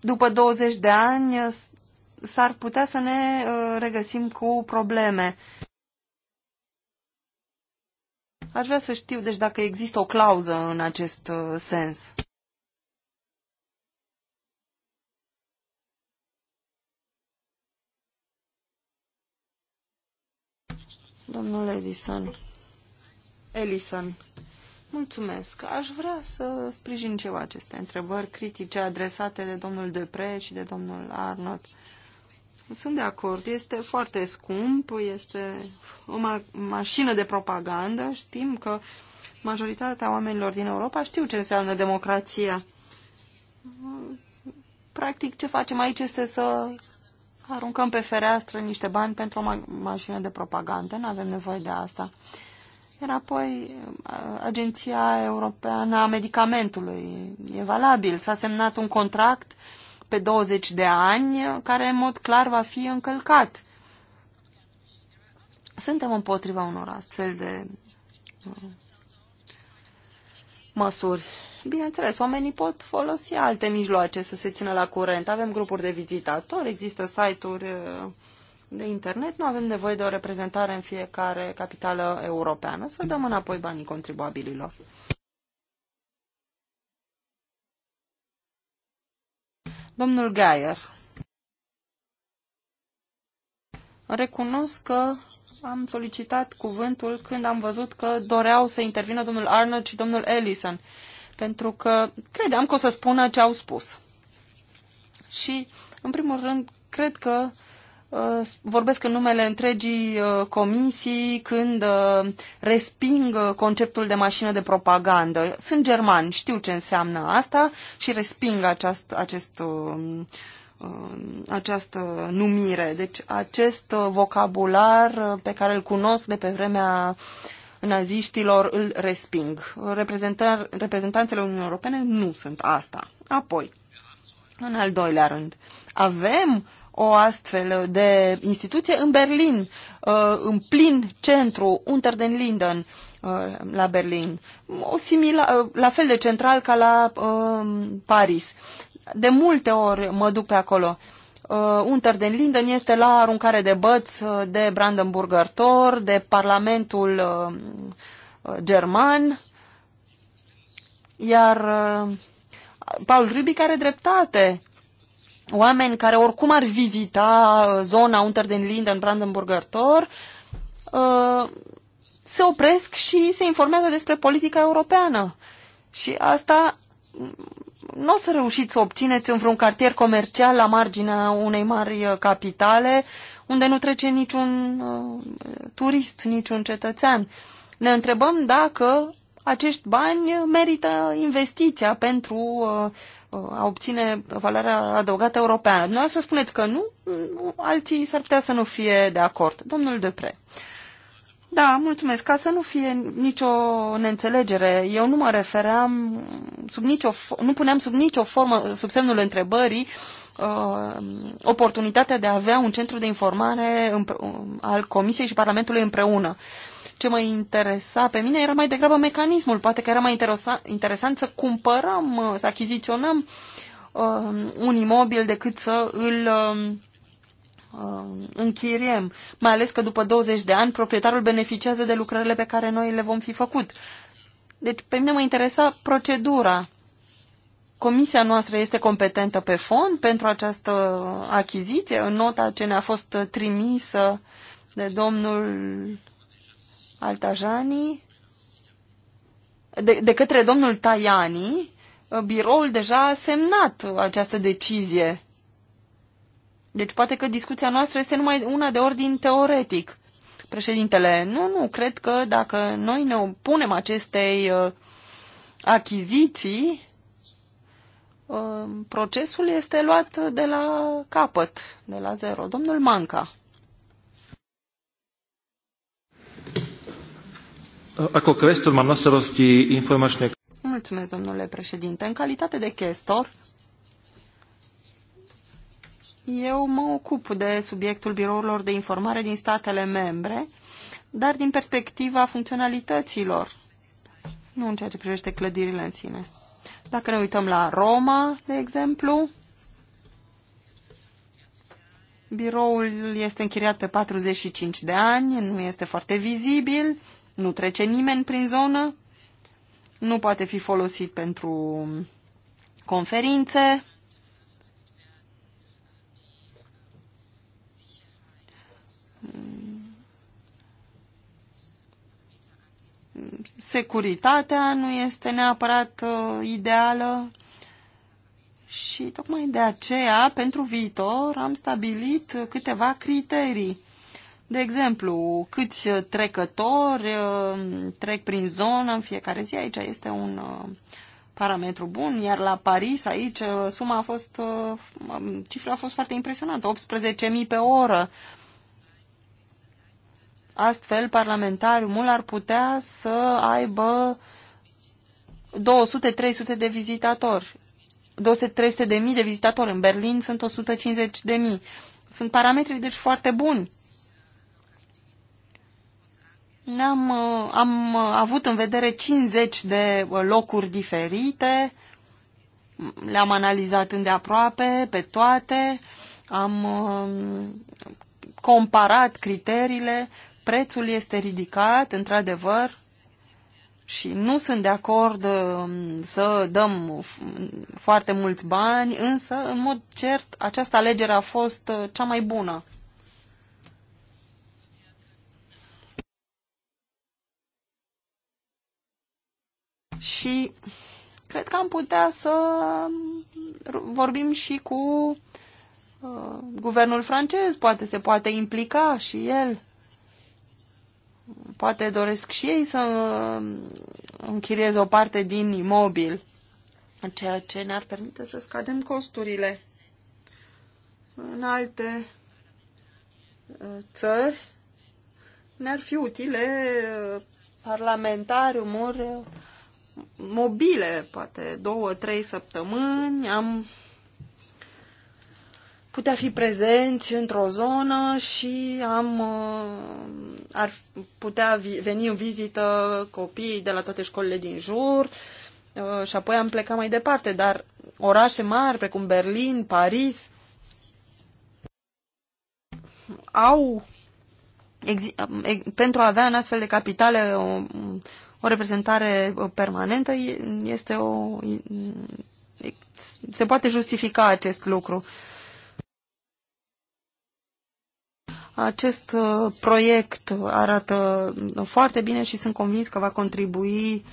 după 20 de ani s-ar putea să ne regăsim cu probleme. Aș vrea să știu, deci, dacă există o clauză în acest uh, sens. Domnul Edison. Ellison. Mulțumesc. Aș vrea să sprijin ceva aceste întrebări critice adresate de domnul Depre și de domnul Arnott. Sunt de acord, este foarte scump, este o ma mașină de propagandă. Știm că majoritatea oamenilor din Europa știu ce înseamnă democrația. Practic, ce facem aici este să aruncăm pe fereastră niște bani pentru o ma mașină de propagandă. Nu avem nevoie de asta. Iar apoi, Agenția Europeană a Medicamentului. E valabil. S-a semnat un contract uh, pe 20 de ani, care în mod clar va fi încălcat. Suntem împotriva unor astfel de uh, măsuri. Bineînțeles, oamenii pot folosi alte mijloace să se țină la curent. Avem grupuri de vizitatori, există site-uri uh, de internet, nu avem nevoie de o reprezentare în fiecare capitală europeană. Să dăm înapoi banii contribuabililor. Domnul Gaier. Recunosc că am solicitat cuvântul când am văzut că doreau să intervină domnul Arnold și domnul Ellison, pentru că credeam că o să spună ce au spus. Și, în primul rând, cred că Uh, vorbesc în numele întregii uh, comisii când uh, resping conceptul de mașină de propagandă. Sunt german, știu ce înseamnă asta și resping aceast, acest, această numire. Deci acest vocabular pe care îl cunosc de pe vremea naziștilor îl resping. reprezentanțele Uniunii Europene nu sunt asta. Apoi, în al doilea rând, avem uh, o astfel de instituție în Berlin, uh, în plin centru Unter den Linden uh, la Berlin, o simila, uh, la fel de central ca la Paris. De multe ori mă duc pe acolo. Unter den Linden este la aruncare de băț de Brandenburger Tor, de Parlamentul German, iar Paul Rubic are dreptate oameni care oricum ar vizita uh, zona Unter den Linden, Brandenburger Tor, uh, se opresc și se informează despre politica europeană. Și asta mm, nu o să reușiți să obțineți în vreun cartier comercial la marginea unei mari uh, capitale, unde nu trece niciun turist, niciun cetățean. Ne întrebăm dacă acești bani merită investiția pentru a obține valoarea adăugată europeană. Nu să spuneți că nu, alții s-ar putea să nu fie de acord. Domnul Depre. Da, mulțumesc. Ca să nu fie nicio neînțelegere, eu nu mă refeream sub nicio, nu puneam sub nicio formă, sub semnul întrebării, uh, oportunitatea de a avea un centru de informare um, al Comisiei și Parlamentului împreună. Uh, ce mă interesa pe mine era mai degrabă mecanismul. Poate că era mai interesa, interesant să cumpărăm, uh, să achiziționăm uh, un imobil decât să îl um, uh, închiriem. Mai ales că după 20 de ani proprietarul beneficiază de lucrările pe care noi le vom fi făcut. Deci pe mine mă interesa procedura. Comisia noastră este competentă pe fond pentru această achiziție. În nota ce ne-a fost trimisă de domnul Altajani, de, de către domnul Tajani, biroul deja a semnat această decizie. Deci poate că discuția noastră este numai una de ordin teoretic. Președintele, nu, nu, cred că dacă noi ne opunem acestei uh, achiziții, uh, procesul este luat de la capăt, de la zero. Domnul Manca. Ako kvestor mám na starosti informačné... Mulțumesc, domnule președinte. În calitate de chestor, eu mă ocup de subiectul birourilor de informare din statele membre, dar din perspectiva funcționalităților, nu în ceea ce privește clădirile în sine. Dacă ne uităm la Roma, de exemplu, biroul este închiriat pe 45 de ani, nu este foarte vizibil, nu trece nimeni prin zonă, nu poate fi folosit pentru conferințe. Securitatea nu este neapărat uh, ideală și tocmai de aceea, pentru viitor, am stabilit câteva criterii de exemplu, câți trecători uh, trec prin zonă în fiecare zi, aici este un uh, parametru bun, iar la Paris aici uh, suma a fost, um, cifra a fost foarte impresionantă, 18.000 pe oră. Astfel, parlamentariul ar putea să aibă 200-300 de vizitatori. 200-300 de mii de vizitatori. În Berlin sunt 150 de mii. Sunt parametri, deci, foarte buni. Uh, am am uh, avut în vedere 50 de uh, locuri diferite, le-am analizat îndeaproape pe toate, am um, comparat criteriile, prețul este ridicat, într-adevăr, și nu sunt de acord um, să dăm foarte mulți bani, însă, în mod cert, această alegere a fost cea mai bună. Și cred că am putea să vorbim și cu uh, guvernul francez, poate se poate implica și el. Poate doresc și ei să uh, închirieze o parte din imobil, ceea ce ne-ar permite să scadem costurile. În alte uh, țări ne-ar fi utile uh, parlamentariumuri mobile, poate două, trei săptămâni, am putea fi prezenți într-o zonă și am, uh, ar putea veni în vizită copiii de la toate școlile din jur uh, și apoi am plecat mai departe, dar orașe mari precum Berlin, Paris au um, pentru a avea în astfel de capitale o, o reprezentare uh, permanentă este o... se poate justifica acest lucru. Acest uh, proiect arată uh, foarte bine și sunt convins că va contribui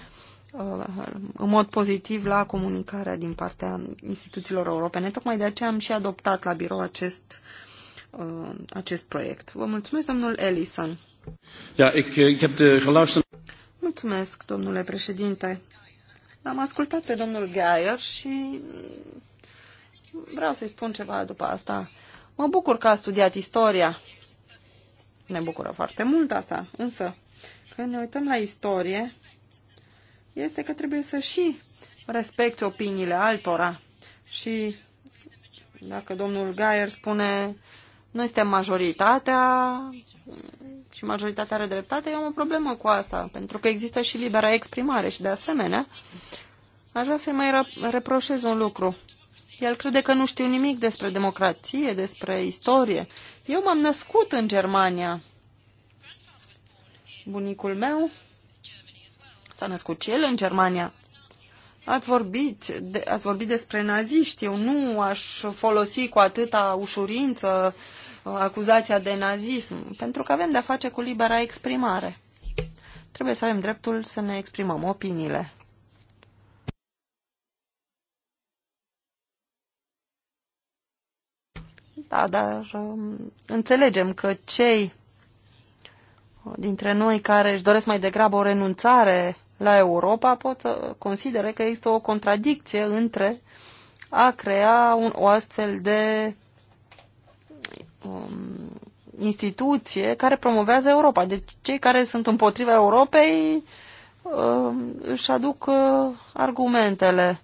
în mod pozitiv la comunicarea din partea instituțiilor europene. Tocmai de aceea am și adoptat la birou acest, acest proiect. Vă mulțumesc, domnul Ellison. Ja, ik, eh, ik heb de geluisterd. Mulțumesc, domnule președinte. Am ascultat pe domnul Geier și vreau să-i spun ceva după asta. Mă bucur că a studiat istoria. Ne bucură foarte mult asta, însă când ne uităm la istorie, este că trebuie să și respecti opiniile altora. Și dacă domnul Gaier spune noi suntem majoritatea, și majoritatea are dreptate, eu am o problemă cu asta, pentru că există și libera exprimare și de asemenea aș vrea să-i mai reproșez un lucru. El crede că nu știu nimic despre democrație, despre istorie. Eu m-am născut în Germania. Bunicul meu s-a născut și el în Germania. Ați vorbit, de, ați vorbit despre naziști. Eu nu aș folosi cu atâta ușurință uh, acuzația de nazism, pentru că avem de-a face cu libera exprimare. Trebuie să avem dreptul să ne exprimăm opiniile. Da, dar um, înțelegem că cei dintre noi care își doresc mai degrabă o renunțare la Europa pot să considere că există o contradicție între a crea un, o astfel de um, instituție care promovează Europa. Deci cei care sunt împotriva Europei um, își aduc uh, argumentele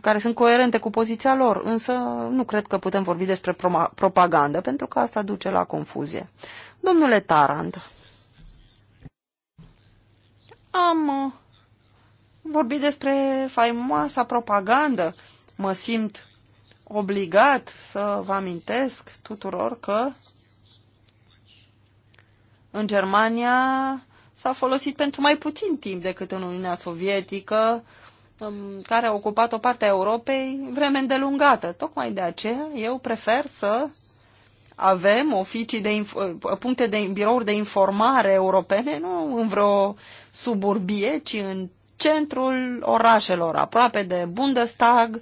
care sunt coerente cu poziția lor, însă nu cred că putem vorbi despre propagandă, pentru că asta duce la confuzie. Domnule Tarand, am uh, vorbit despre faimoasa propagandă. Mă simt obligat să vă amintesc tuturor că în Germania s-a folosit pentru mai puțin timp decât în Uniunea Sovietică, um, care a ocupat o parte a Europei vreme îndelungată. Tocmai de aceea eu prefer să avem oficii de uh, puncte de birouri de informare europene, nu în vreo suburbie, ci în centrul orașelor, aproape de Bundestag,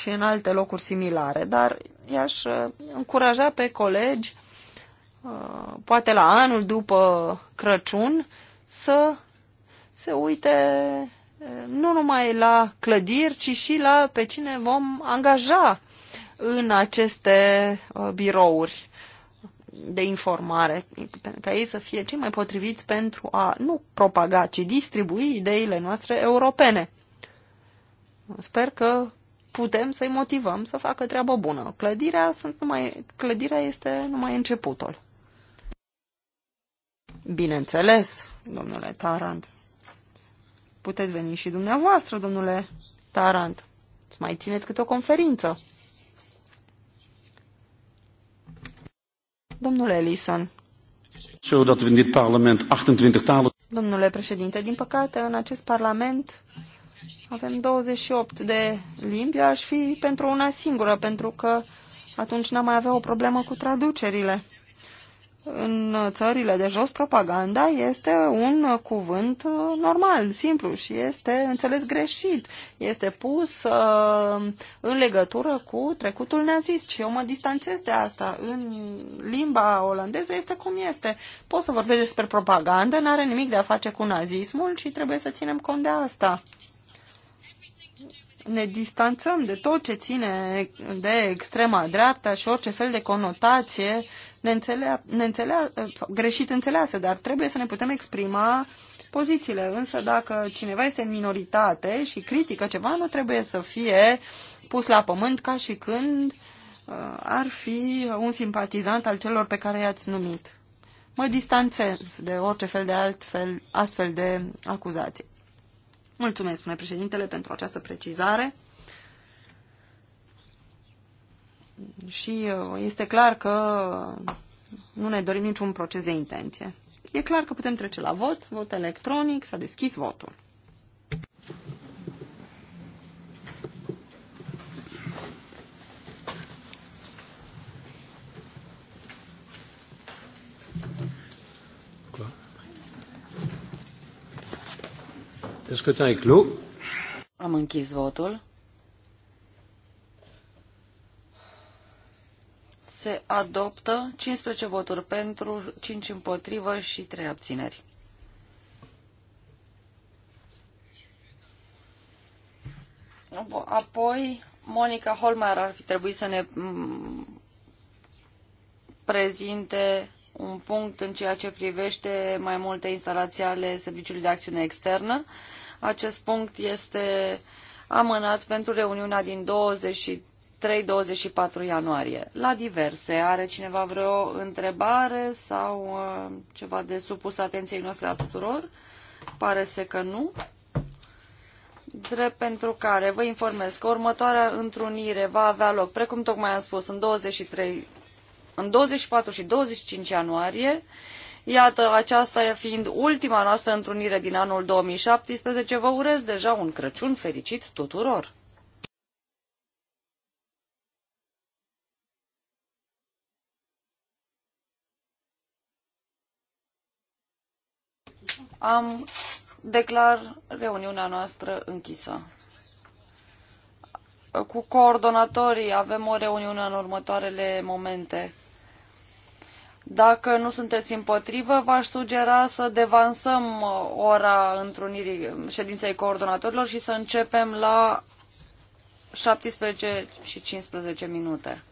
și în alte locuri similare, dar i-aș uh, încuraja pe colegi, uh, poate la anul după Crăciun, să se uite uh, nu numai la clădiri, ci și la pe cine vom angaja în aceste birouri de informare, ca ei să fie cei mai potriviți pentru a nu propaga, ci distribui ideile noastre europene. Sper că putem să-i motivăm să facă treabă bună. Clădirea, sunt numai, clădirea este numai începutul. Bineînțeles, domnule Tarant. Puteți veni și dumneavoastră, domnule Tarant. Să mai țineți câte o conferință. Domnule Ellison. Domnule președinte, din păcate, în acest parlament avem 28 de limbi, aș fi pentru una singură, pentru că atunci n-am mai avea o problemă cu traducerile. În țările de jos, propaganda este un cuvânt uh, normal, simplu și este înțeles greșit. Este pus uh, în legătură cu trecutul nazist și eu mă distanțez de asta. În limba olandeză este cum este. Poți să vorbești despre propagandă, n-are nimic de a face cu nazismul și trebuie să ținem cont de asta ne distanțăm de tot ce ține de extrema dreapta și orice fel de conotație ne ne înțelea, sau greșit înțeleasă, dar trebuie să ne putem exprima pozițiile. Însă dacă cineva este în minoritate și critică ceva, nu trebuie să fie pus la pământ ca și când uh, ar fi un simpatizant al celor pe care i-ați numit. Mă distanțez de orice fel de altfel, astfel de acuzații. Mulțumesc, spune președintele, pentru această precizare. Și uh, este clar că nu ne dorim niciun proces de intenție. E clar că putem trece la vot, vot electronic, s-a deschis votul. Le scrutin est clos. Am închis votul. Se adoptă 15 voturi pentru, 5 împotrivă și 3 abțineri. Apoi, Monica Holmer ar fi trebuit să ne mm, prezinte un punct în ceea ce privește mai multe instalații ale Serviciului de Acțiune Externă. Acest punct este amânat pentru reuniunea din 23-24 ianuarie. La diverse, are cineva vreo întrebare sau uh, ceva de supus atenției noastre a tuturor? Pare să că nu. Drept pentru care vă informez că următoarea întrunire va avea loc, precum tocmai am spus, în 23 în 24 și 25 ianuarie, iată aceasta fiind ultima noastră întrunire din anul 2017, vă urez deja un Crăciun fericit tuturor! Am declar reuniunea noastră închisă. Cu coordonatorii avem o reuniune în următoarele momente. Dacă nu sunteți împotrivă, v-aș sugera să devansăm uh, ora întrunirii um, ședinței coordonatorilor și să începem la 17 și 15 minute.